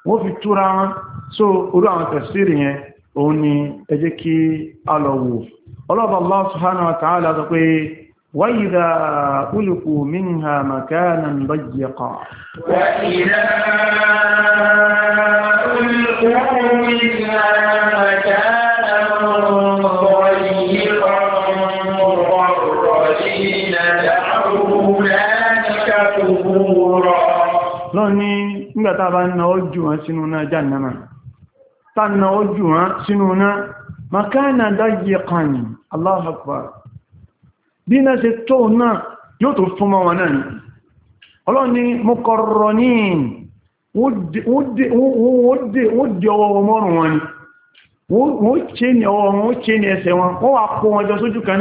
wọ́n fi túra wọn so orú àwọn tafsiru yẹn òun ni ẹ jẹ́ kí a lọ wò ọlọ́ba Allah subhanahu wa ta'ala sọ pé وإذا ألقوا منها مكانا ضيقا وإذا ألقوا منها مكانا nígbàtà bá ń náwó jù wọn sínú náà jànnàmà tá ń náwó jù wọn sínú náà makana dáyé kàní Allahu Akbar bí náà ṣe tó náà yóò tó fún wọn náà ọlọ́ni muqarranin wọ́n dé ọwọ́ mọ́rùn wọn ni wọ́n ṣe ní ẹsẹ̀ wọn wọ́n wà kó wọn jọ sójú kan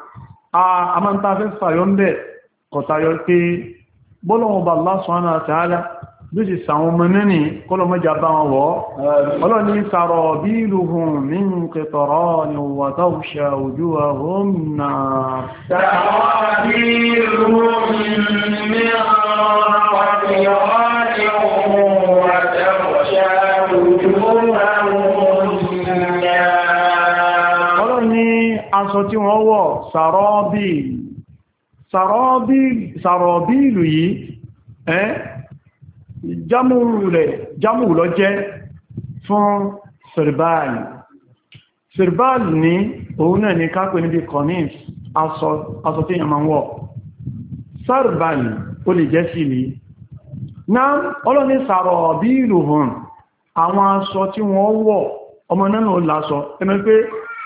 a máa ń ta fẹ́ sàyọ́ ń bẹ̀ kọ̀tayọ́ pé bọ́lọ̀wọ̀n bá lásán náà tààdá bí ti sàwọn ọmọ mẹ́ni kọlọmọjà bá wọn wọ́ ọlọ́ni sàrọ̀ bí lùhùn ní kẹtọ̀rọ̀ ni wàtá òṣà ojú ahùn tí wọ́n wọ̀ sàrọ́bìlì sàrọ́bìlì yìí ẹ́ jámù lọ jẹ́ fún sirbaal sirbaal ní òun náà ní kápẹ́ níbi kọ̀nís aṣọ tí yàmà wọ̀ sirbaal ó lè jẹ́ sí lè náà ọlọ́ni sàrọ̀bìlì hùn àwọn aṣọ tí wọ́n wọ̀ ọmọ náà lásọ ẹmẹ́ pé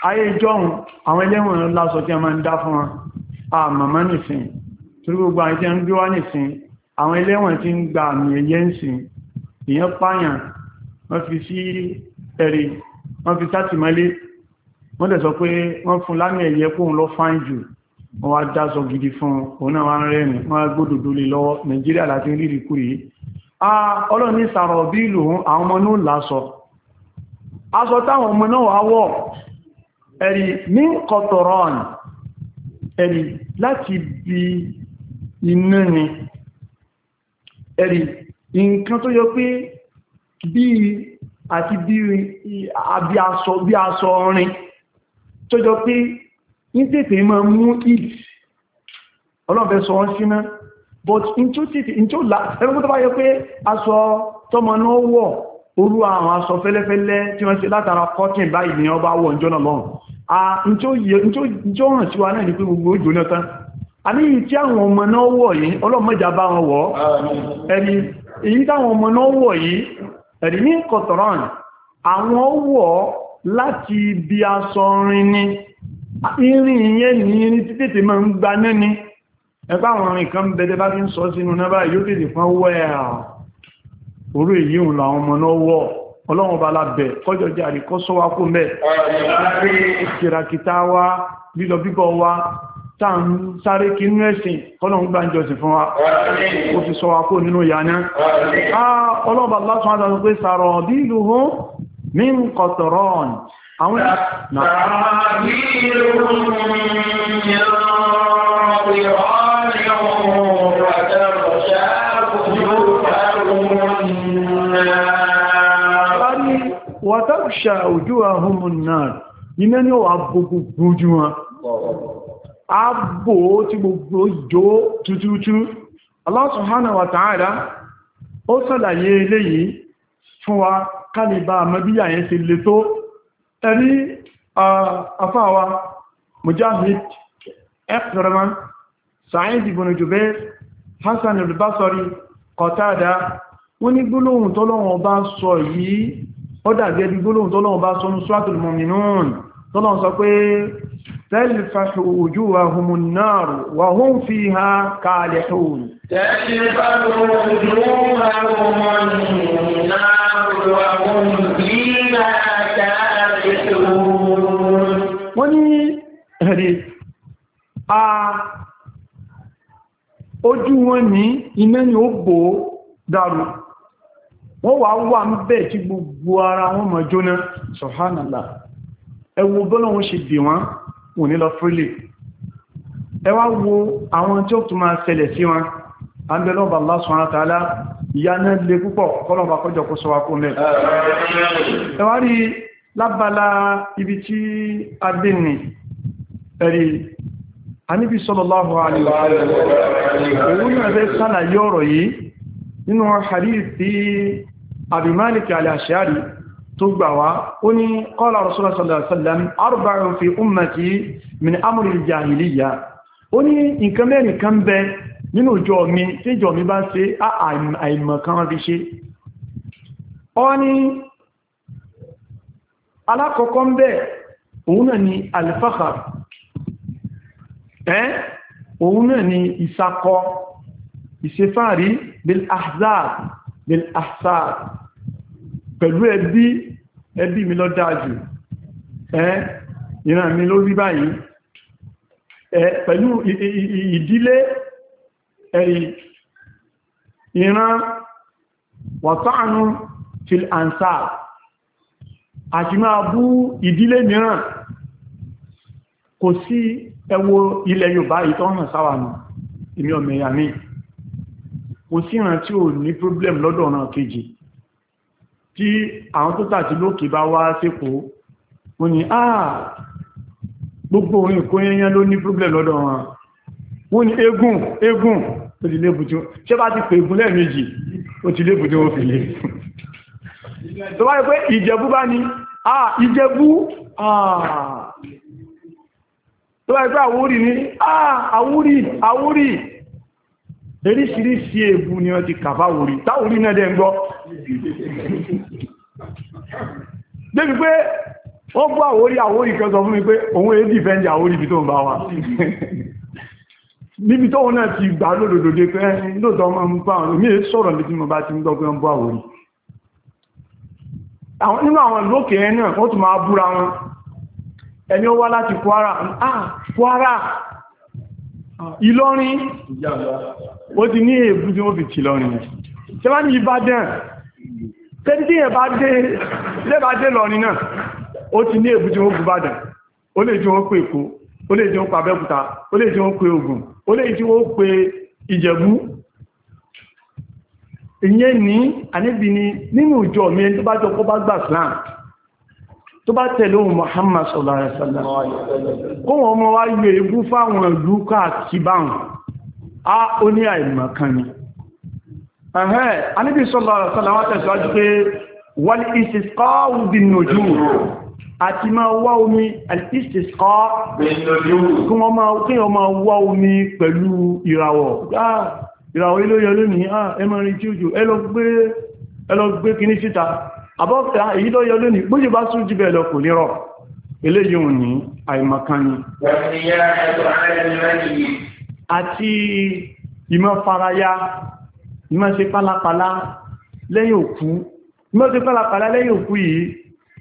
ayé ìjọun àwọn ẹlẹ́wọ̀n lásọ tí a máa ń dá fún wọn a màmá nìsìn torí gbogbo àwọn tí a ń gbé wá nìsìn àwọn ẹlẹ́wọ̀n tí ń gba àmì ẹ̀yẹ ń sìn ìyẹn pààyàn wọ́n fi sí ẹ̀rí wọ́n fi sátìmọ́lé wọ́n dẹ̀ sọ pé wọ́n fún lámì ẹ̀yẹ kóhun lọ fáìn jù wọ́n wá dáṣọ gidi fún òun náà wá wọ̀ ẹ̀rí ní kọtọ̀rọ̀ọ̀nì ẹ̀rí láti bí iná ni ẹ̀rí nǹkan tó yọ pé bí àti bí aṣọ bí aṣọ ọrin tó yọ pé ní tètè máa mú ìdí ọlọ́fẹ́ sọ wọ́n síná but in tó tètè in tó láti ẹgbẹ́ tó bá yọ pé aṣọ tọ́mọ náà wọ̀ orú àwọn aṣọ fẹ́lẹ́fẹ́lẹ́ tí wọ́n ṣe látara cotton báyìí ni ọba wọ̀ ìjọ́nà lọ́rùn àjọ́ràn tí wà náà ní pé gbogbo òjò náà tán a ní ìyí tí àwọn ọmọ náà wọ̀ yìí ọlọ́mọjà bá wọn wọ̀ ẹni èyí táwọn ọmọ náà wọ̀ yìí ẹ̀rí ní kọ̀tọ̀rán àwọn wọ̀ láti bí aṣọ rin ni irin ìyẹn ní irin tí tètè máa ń gbaná ni ẹgbà àwọn ọ̀rìn kan bẹ̀dẹ̀ bá fi ń sọ sínú náà báyìí yóò tètè fún ọwọ́ ẹ̀ orú èyí òun làwọn ọmọ náà wọ̀ ọlọ́run bá lábẹ̀ kọjọ jàrí kọ́ sọ́wá kó mẹ́ kìràkìtà wa lílọ bíbọ̀ wa tá ń sáré kí nínú ẹ̀sìn ọlọ́run gbá ń jọsìn fún wa ó fi sọ́wá kó nínú yàná ọlọ́run bá lásán àdájọ́ pé sàrọ̀ bí ìlú hún ní kọ̀tọ̀rọ̀n àwọn ṣà òjú ahùnmùn náà iná ní ọwà gbogbo ojú wọn ààbò tí gbogbo ìjó tútútú Allah subhanahu wa ta'ala ó sàlàyé eléyìí fún wa kálìbà mẹ́bíyà yẹn ti lè tó ẹni afáwa mujahid ẹ̀kùnrẹ́mán Sa'id ibn Jubair Hassan al-Basri Qatada wọ́n ní gbólóhùn tọ́lọ́wọ́n bá sọ yìí ó dàgẹ́ bí gbólóhùn tọ́lọ́run bá sọ́nú suratul mu'minun tọ́lọ́run sọ pé تلفح وجوههم النار وهم فيها كالحون تلفح وجوههم النار وهم فيها كالحون وني هدي a ojú wọn ní iná ni ó bò wọ́n wà wà ń bẹ̀ tí gbogbo ara wọn mọ̀ jóná sọ̀hánàlá ẹwọ bọ́lọ́wọ́n ṣe dì wọ́n wò ní lọ frílẹ̀ ẹwà wo àwọn tí ó tún máa ṣẹlẹ̀ sí wọn àbẹ̀lọ́bà lásánátàlá ìyáná lè púpọ̀ kọ́lọ̀bà kọjọ kó sọ wákó mẹ́ ẹwà rí lábala ibi tí a dé nì ẹ̀rí aníbi sallallahu alaihi wasallam أبي مالك الأشعري تبوا أني قال رسول الله صلى الله عليه وسلم أربع في أمتي من أمر الجاهلية أني إن كمان كم بين nínú ìjọ mi tí ìjọ mi bá ṣe àìmọ̀ kan fi ṣe ọ ni alákọ̀ọ́kọ́ ń bẹ̀ òun náà ni alifaka ẹ́ bil ahsan pẹ̀lú ẹbí ẹbí mi lọ dájú ẹ́ ìran mi ló rí báyìí ẹ̀ pẹ̀lú ìdílé ẹ̀rì ìran wàtánù fil ansar àti máa bú ìdílé mìíràn kò sí ẹwọ ilẹ̀ Yorùbá ìtọ́hàn sáwà nù ìmí ọmọ ìyàmí kò sí ìran tí ò ní problem lọ́dọ̀ ọ̀ràn kejì tí àwọn tó tàti lókè bá wá sípò wọ́n ni àà ah, gbogbo orin kó yẹnyẹn ló ní problem lọ́dọ̀ wọn wọ́n ni eégún eégún ó ti lébu tí ó ṣe bá ti pè eégún lẹ́ẹ̀mejì ó ti lébu tí ó fi lè tó bá yẹ pé ìjẹ̀bú bá ní àà ah, ìjẹ̀bú àà ah. tó bá yẹ pé àwórì ní àà àwórì àwórì oríṣiríṣi ebu ni wọ́n ti kàfà wòrí táwòrí náà dẹ̀ ń gbọ́ débi pé wọ́n bú àwórí àwórí kan fún mi pé òun èé dìfẹ́ndì ibi tó ń wa níbi tóun náà ti gbà lódòdòdé pé lóòtọ́ ọmọ ń bá ti Kwara ah Ìlọrin ó ti ní èébú tí wọ́n fi tì lọ́rin ṣe bá ní Ìbàdàn tẹ́tí lẹ́bàá dé lọ́rin náà ó ti ní èébú tí wọ́n fi Ìbàdàn ó lè tí wọ́n pè Èkó ó lè tí wọ́n pa Abẹ́òkúta ó lè tí wọ́n pè Ògùn ó lè tí wọ́n pè Ìjẹ̀bú ìyẹn ní àníbi nínú ìjọ mi ẹni tó bá jọ kó bá gbà Islam tó bá tẹ̀lé ohun Muhammad sallallahu alaihi wasallam kó wọn mọ́ wá yẹ ibú fáwọn ìlú káàkiri báhùn á ó ní àìmọ̀kan ni ẹ̀hẹ́ anábì sallallahu alaihi wasallam wọ́n tẹ̀síwájú pé wal istisqa bin nujum àti máa wá omi al-istisqa bin nujum kí wọ́n máa wá omi pẹ̀lú ìràwọ̀ ìràwọ̀ ilé yẹ lónìí ah, ẹ máa rí tí ó jù ẹ lọ gbé kíní síta àbọ́fẹ́ èyí tó yọ lónìí bó ṣe bá sún jù bẹ́ẹ̀ lọ kò ní rọ̀ eléyìí ò ní àìmọ̀kánni àti ìmọ̀ faraya ìmọ̀ ṣe pálapàla lẹ́yìn òkú ìmọ̀ ṣe pálapàla lẹ́yìn òkú yìí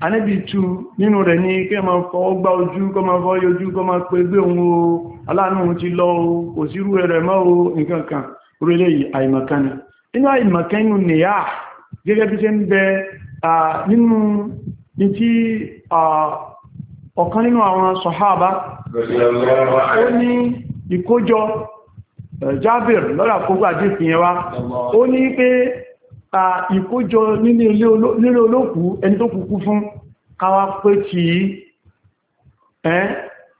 anẹ́bí tú nínú rẹ̀ ní kí ẹmọ fọwọ́ gbá ojú kọ́ ma fọ́ yójú kọ́ ma pé gbé ohun o aláàánú ti lọ o kò sí rú ẹrẹ mọ́ o nǹkankan orílẹ̀-èdè àìmọ̀kánni inú àìmọ̀kánni nìyà gẹ́gẹ́ bí ṣe ń bẹ nínú tí ọ̀kan nínú àwọn sọ̀háàbá ó ní ìkójọ jábìr lọ́dà kógbà dì fi yẹn wá ó ní pé ìkójọ nílé olókú ẹni tó kúkú fún káwà pé kí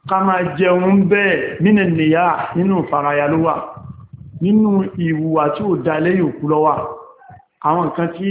ká máa jẹun bẹ́ẹ̀ nínú nìyà nínú faraya ló wà nínú ìwùwà tí ò dá lẹ́yìn òkú lọ́wà àwọn nǹkan tí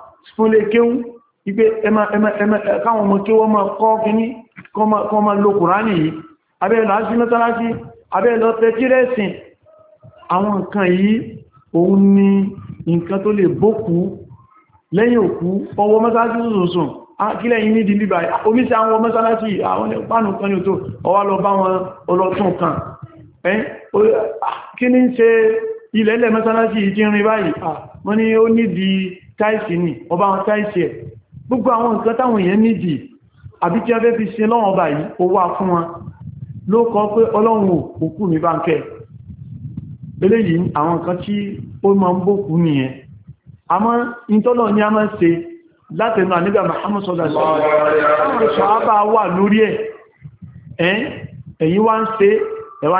fún lè kéhùn ipé káwọn ọmọ kí wọ́n máa kọ́ kíní kọ́ máa lo kùránì yìí abẹ́ lọ sí mẹ́tàlásí abẹ́ lọ tẹ́kírẹ́sìn àwọn nǹkan yìí òun ni nǹkan tó lè bókú lẹ́yìn òkú ọwọ́ mẹ́tàlásí sùsùn kílẹ̀ yìí ní dìlíbà omíṣẹ́ àwọn mẹ́tàlásí àwọn pánù kan ní òtò ọwá lọ bá wọn ọlọ́tún kan kí ní ṣe ilẹ̀lẹ̀ mẹ́tàlásí táìsì ní ọba wọn táìsì ẹ̀ gbogbo àwọn nǹkan táwọn èèyàn nídìí àbí tí a fẹ́ fi ṣe lọ́wọ́n ọba yìí ó wà fún wọn ló kọ́ pé ọlọ́run òkú mi bá ń kẹ́ eléyìí àwọn nǹkan tí ó máa ń bókú nìyẹn àmọ́ ìtọ́lọ̀ ní a máa ń ṣe látẹnu àníbà Muhammad sallallahu alaihi wasallam sàhábà wà lórí ẹ̀ ẹ̀yìn wá ń ṣe ẹ̀wà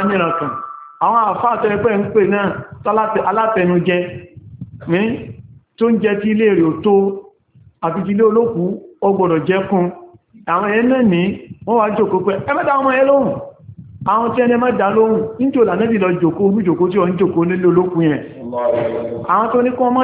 tó ń jẹ tí ilé rẹ̀ ò tó àfijilé olókú ó gbọ́dọ̀ jẹ́kún àwọn ẹ̀yẹn náà ní wọ́n wá jòkó pé ẹmẹ́ta ọmọ ẹ lóhùn àwọn tí ẹni mẹ́ta lóhùn níjò lànẹ́bì lọ jòkó olújòkó tí ó jòkó nílé olókú yẹn àwọn tó ní kọ́ mọ́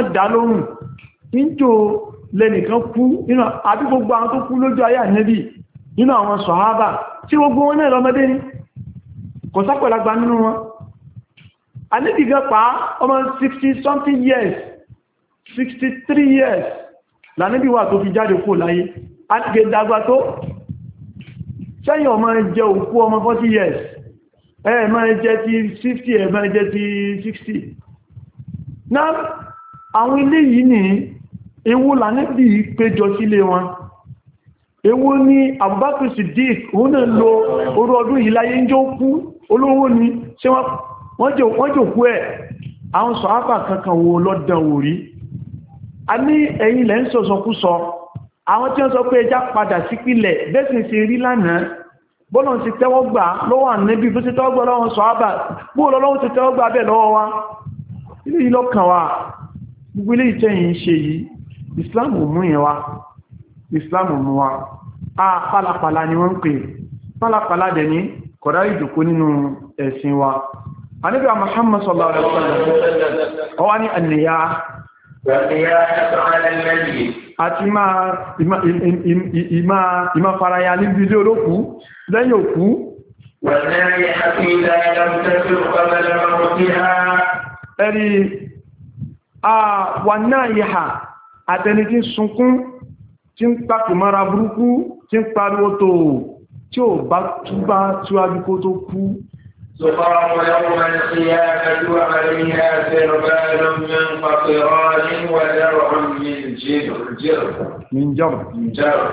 60 something years 63 years lànẹ́bí wà tó fi jáde kó láyé àti dàgbà tó sẹ́yìn ọmọ jẹ òkú ọmọ 40 years Eh, máa jẹ ti 50 ẹ máa jẹ ti 60 náà àwọn ilé yìí ní ewu lànẹ́bí péjọ sílé wọn ewu ní Abubakar Siddiq òun náà lo orú ọdún yìí láyé ń jẹ́ òkú olówó ni ṣé wọ́n jẹ́ òkú ẹ̀ àwọn sọ̀hápà kankan wo lọ́dàn wò rí a ní ẹ̀yìn lẹ́ ń sọ̀sọ̀kú sọ àwọn tí ó sọ pé ẹjá padà sí pìlẹ̀ bẹ́sìn sí rí lánàá bọ́lọ̀ ti tẹ́wọ́ gbà lọ́wọ́ ànẹ́bí tó ti tẹ́wọ́ gbà lọ́wọ́ sọ lọ́wọ́ ti tẹ́wọ́ gbà bẹ́ẹ̀ lọ́wọ́ wa ilé yìí lọ́kàn wa gbogbo ilé ìtẹ́yìn ṣe yìí Islam mú yẹn wa mú wa a pálapàla ni wọ́n ń pè pálapàla dẹ̀ ní kọ̀dá ìjòkó nínú ẹ̀sìn wa Àti ìmá faraya níbi ilé olókú lẹ́yìn òkú. Ẹni wà náà ìhà àtẹni tí sunkún tí ń pàkì mara burúkú tí ń pariwo tó tí ó bá túbá tíwájú kó tó kú تقام يوم القيامة عليها سربال من قطران ودرع من جر من جر من جر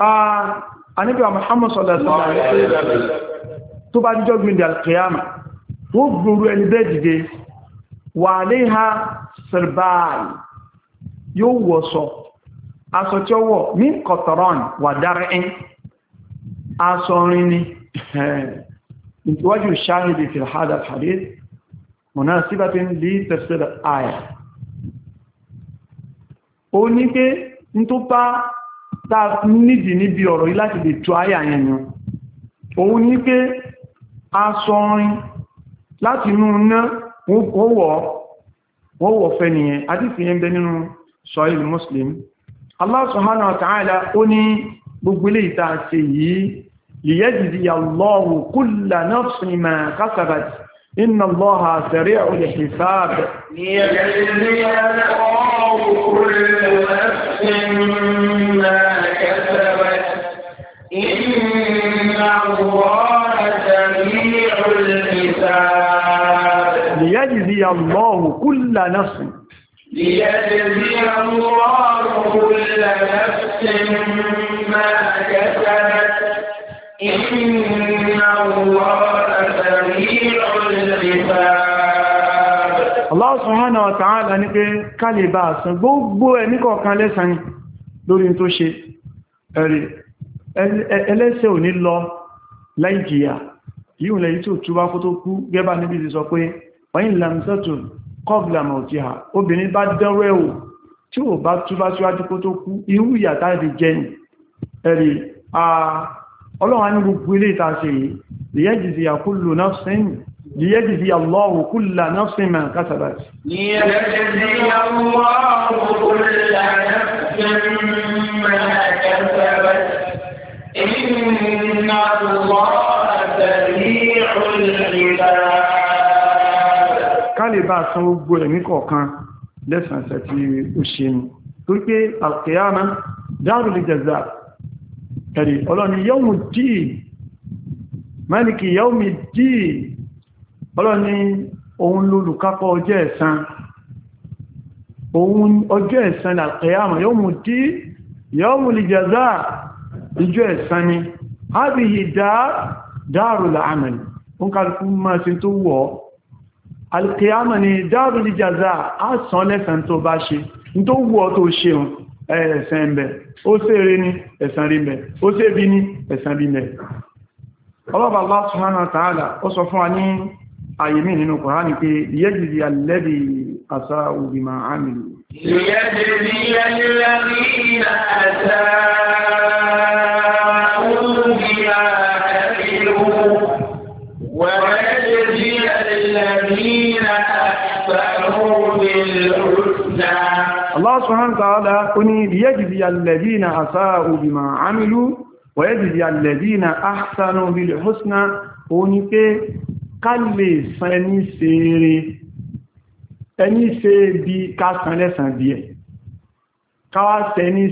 آه النبي محمد صلى الله عليه وسلم tó bá díjọ́ gbìn dà alkiyama wọ́n gbòrò ẹni bẹ́ẹ̀ dìde wà ní ha sẹ̀rbáàlì yóò wọ̀ sọ aṣọ tí ó wọ̀ ní kọ̀tọ̀rọ̀n wà dára ẹ́ aṣọ rin ni وجه الشاهد في هذا الحديث مناسبة لتفسير الآية ó ní pé ní tó bá ta nídi níbi ọ̀rọ̀ yìí láti lè tó àyà yẹn yàn òun ní pé aṣọ orin láti inú ná wọ́n wọ̀ fẹ́ nìyẹn àti fi yẹn bẹ nínú sọ́ìlì Muslim Allah subhanahu wa ta'ala ó ní gbogbo ilé ìta ṣe yìí ليجزي الله كل نفس ما كسبت إن الله سريع الحساب ليجزي الله كل نفس ما كسبت إن الله سريع الحساب ليجزي الله كل نفس ليجزي الله كل نفس ما كسبت Allah subhanahu wa ta'ala ní pé kálẹ̀ bá àsán gbogbo ẹni kọ̀ọ̀kan lẹ́sàn lórí tó ṣe ẹ̀rì ẹlẹ́sẹ̀ ò ní lọ láì jìyà yíò lẹ́yìn tí ó túbá kó tó kú gẹ́bà níbi ti sọ pé wọ́n lámsẹ́tù kọ́bla mọ̀tíhà obìnrin bá dẹ́rẹ́ ọlọ́wà ní gbogbo ilé ìtàṣe lèyẹ́jìsí àkúlù náfsìn lèyẹ́jìsí Allahu kulla náfsìn ma kasabat kálìbà san gbogbo ẹ̀mí kọ̀ọ̀kan lẹ́sànsẹ̀ tí ó ṣe ní torípé alkiyama dáàrù lè jẹ́ záà ẹ̀rì ọlọ́ni yọ́mù díì mẹ́lìkì yọ́mù díì ọlọ́ni ohun lólùkápọ̀ ọjọ́ ẹ̀san ohun ọjọ́ ẹ̀san al-qiyamah yọ́mù díì yọ́mù lìjẹ̀zá ìjọ ẹ̀san ni hábìyì dáàrù láàmìn ó kàrùkú máa ṣe tó wọ́ al-qiyamah ni dáàrù lìjẹ̀zá á sán lẹ́san tó bá ṣe ẹ̀ẹ̀sẹ̀ ẹ̀mẹ̀ ó sèrè ní ẹ̀sàn rí mẹ́ ó sèbí ní ẹ̀sàn rí mẹ́ ọlọ́bà Allah subhanahu ó sọ fún wa ní àyèmí nínú Kùránì pé yẹ́jìdì alẹ́dì àṣà òbí ma yẹ́jìdì alẹ́dì àṣà Allah subhanahu wa ta'ala ó ní yajzi alladhina asa'u bima amilu wa yajzi alladhina ahsanu bil husna ó ní pé ká lè san ẹni ṣe rere ẹni ṣe bí ká san lẹ́san díẹ̀ káwá sẹni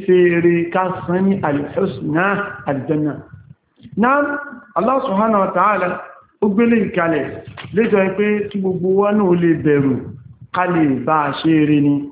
lẹ́jọ́ pé kí gbogbo wa náà lè bẹ̀rù ká bá ṣe rere ni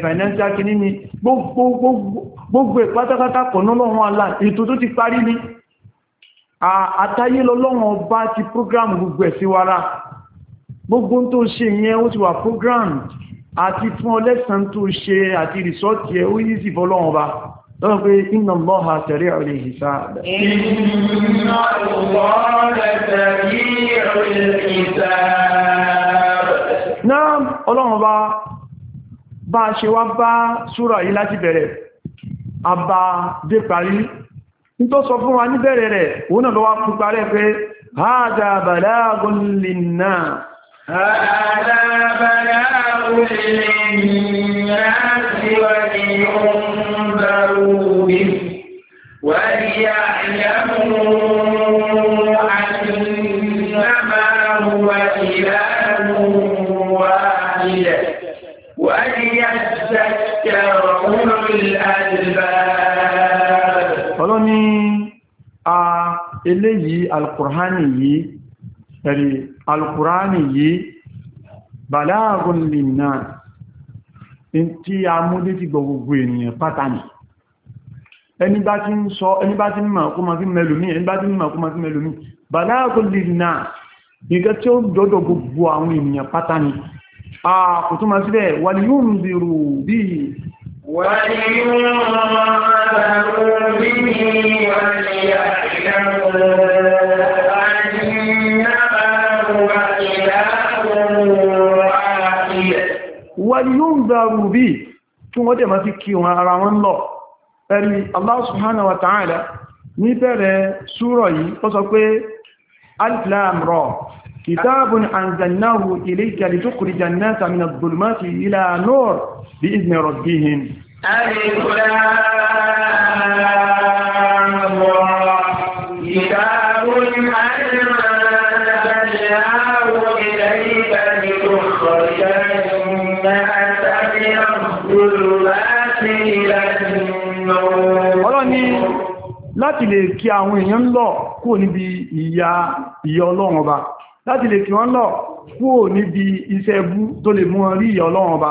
financial kìíní ni gbogbo ìpátákátá kọ̀nà lọ́wọ́ alá ètò tó ti parí ní àtayé lọ́wọ́ bá ti program gbogbo ẹ̀ wara gbogbo tó ṣe yẹn ó ti wà program àti fún ọlẹ́sàn tó ṣe àti rìsọ́ọ̀tì ẹ̀ ó yìí sì fọ́lọ́wọ́ bá lọ́wọ́ pé inna Allaha ọlọ́run bá bá a ṣe wá bá súrà yìí láti bẹ̀rẹ̀ àbá dé parí nító sọ fún wa ní bẹ̀rẹ̀ rẹ̀ òun náà lọ wá fún parẹ́ pé hādhā balāghun eléyìí alkùránì yìí ẹ̀rì alkùránì yìí balagun linnas tí a mú dé ti gbogbo ènìyàn pátánì ẹni bá ti ń sọ ẹni bá ti ń mọ̀ kó ma fi mẹ́lùmí ẹni bá ti mọ̀ kó ma fi mẹ́lùmí balagun linnas nǹkan tí ó dọ́dọ̀ gbogbo àwọn ènìyàn pátánì wàlíyóǹdàrú bí kí wọ́n dẹ̀ máa fi kí wọn ara wọn lọ ẹ̀rí Allah subhanahu wa ta'ala ní bẹ̀rẹ̀ súrọ̀ yìí ó sọ pé alif lam ra kitabun anzalnahu ilayka litukhrijan nasa min adh-dhulumati ila بإذن ربهم ألف لام كتاب أنزلناه إليك لتخرج الناس من الظلمات إلى النور láti lè kí àwọn èèyàn lọ kúrò níbi ìyà ìyà ọlọ́run ọba láti lè kí wọ́n lọ kúrò níbi iṣẹ́ ẹbú tó lè mú wọn ìyà ọlọ́run ọba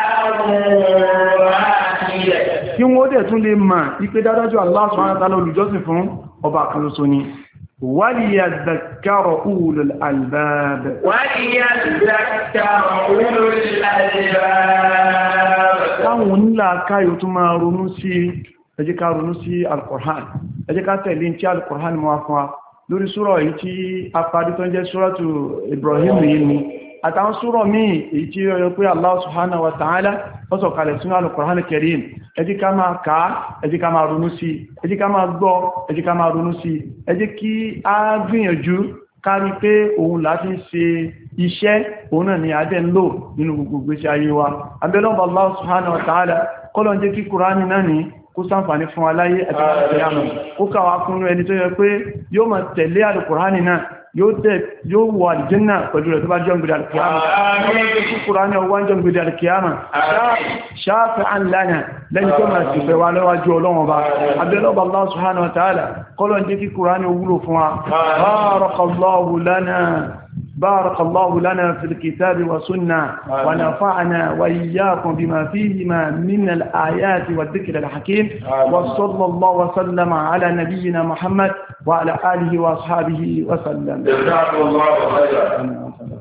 kí wọ́n dẹ̀ tún lè máa ipé dádájú Allah subhanahu wa ta'ala olùjọ́sìn fún ọba kan ṣoṣo ni wàlìyàzàkàrọ̀ ulul albab táwọn onílà káyò tún máa ronú sí ẹ jẹ́ ká ronú sí alkùrán ẹ jẹ́ ká tẹ̀lé tí alkùrán mọ́ fún lórí súrọ̀ yìí tí a parí tó ń jẹ́ súrọ̀tù Ibrahim yìí ni àtàwọn súrọ̀ míì èyí tí ó yọ pé Allah wa ta'ala ó sọ kalẹ̀ sínú al-Qur'an al-Karim ẹ jẹ́ ká máa ká ẹ jẹ́ ká máa ronú sí ẹ jẹ́ ká máa gbọ́ ẹ jẹ́ ká máa ronú sí ẹ jẹ́ kí a gbìyànjú kárí pé òun láti ṣe iṣẹ́ òun náà ni adẹ́ ń lò nínú gbogbo wa ta'ala kọ́lọ̀ jẹ́ kí Kùránì náà ní kó sáǹfàní fún aláyé àti ìyàmù kó kàwà kúnnú ẹni tó yẹ pé yóò máa tẹ̀lé àlùkùránì náà yóò wọ àlìjẹ́nà pẹ̀lú rẹ̀ tó bá jọ gbìdà alkiyama kúkúrá ní ọwọ́ jọ gbìdà alkiyama ṣáàfẹ́ àńláyà lẹ́yìn tó máa ṣìfẹ́ wa lọ́wájú ọlọ́wọ́n bá abẹ́lọ́bà Allah subhanahu بارك الله لنا في الكتاب والسنة ونفعنا وإياكم بما فيهما من الآيات والذكر الحكيم وصلى الله وسلم على نبينا محمد وعلى آله وأصحابه وسلم الله خيرا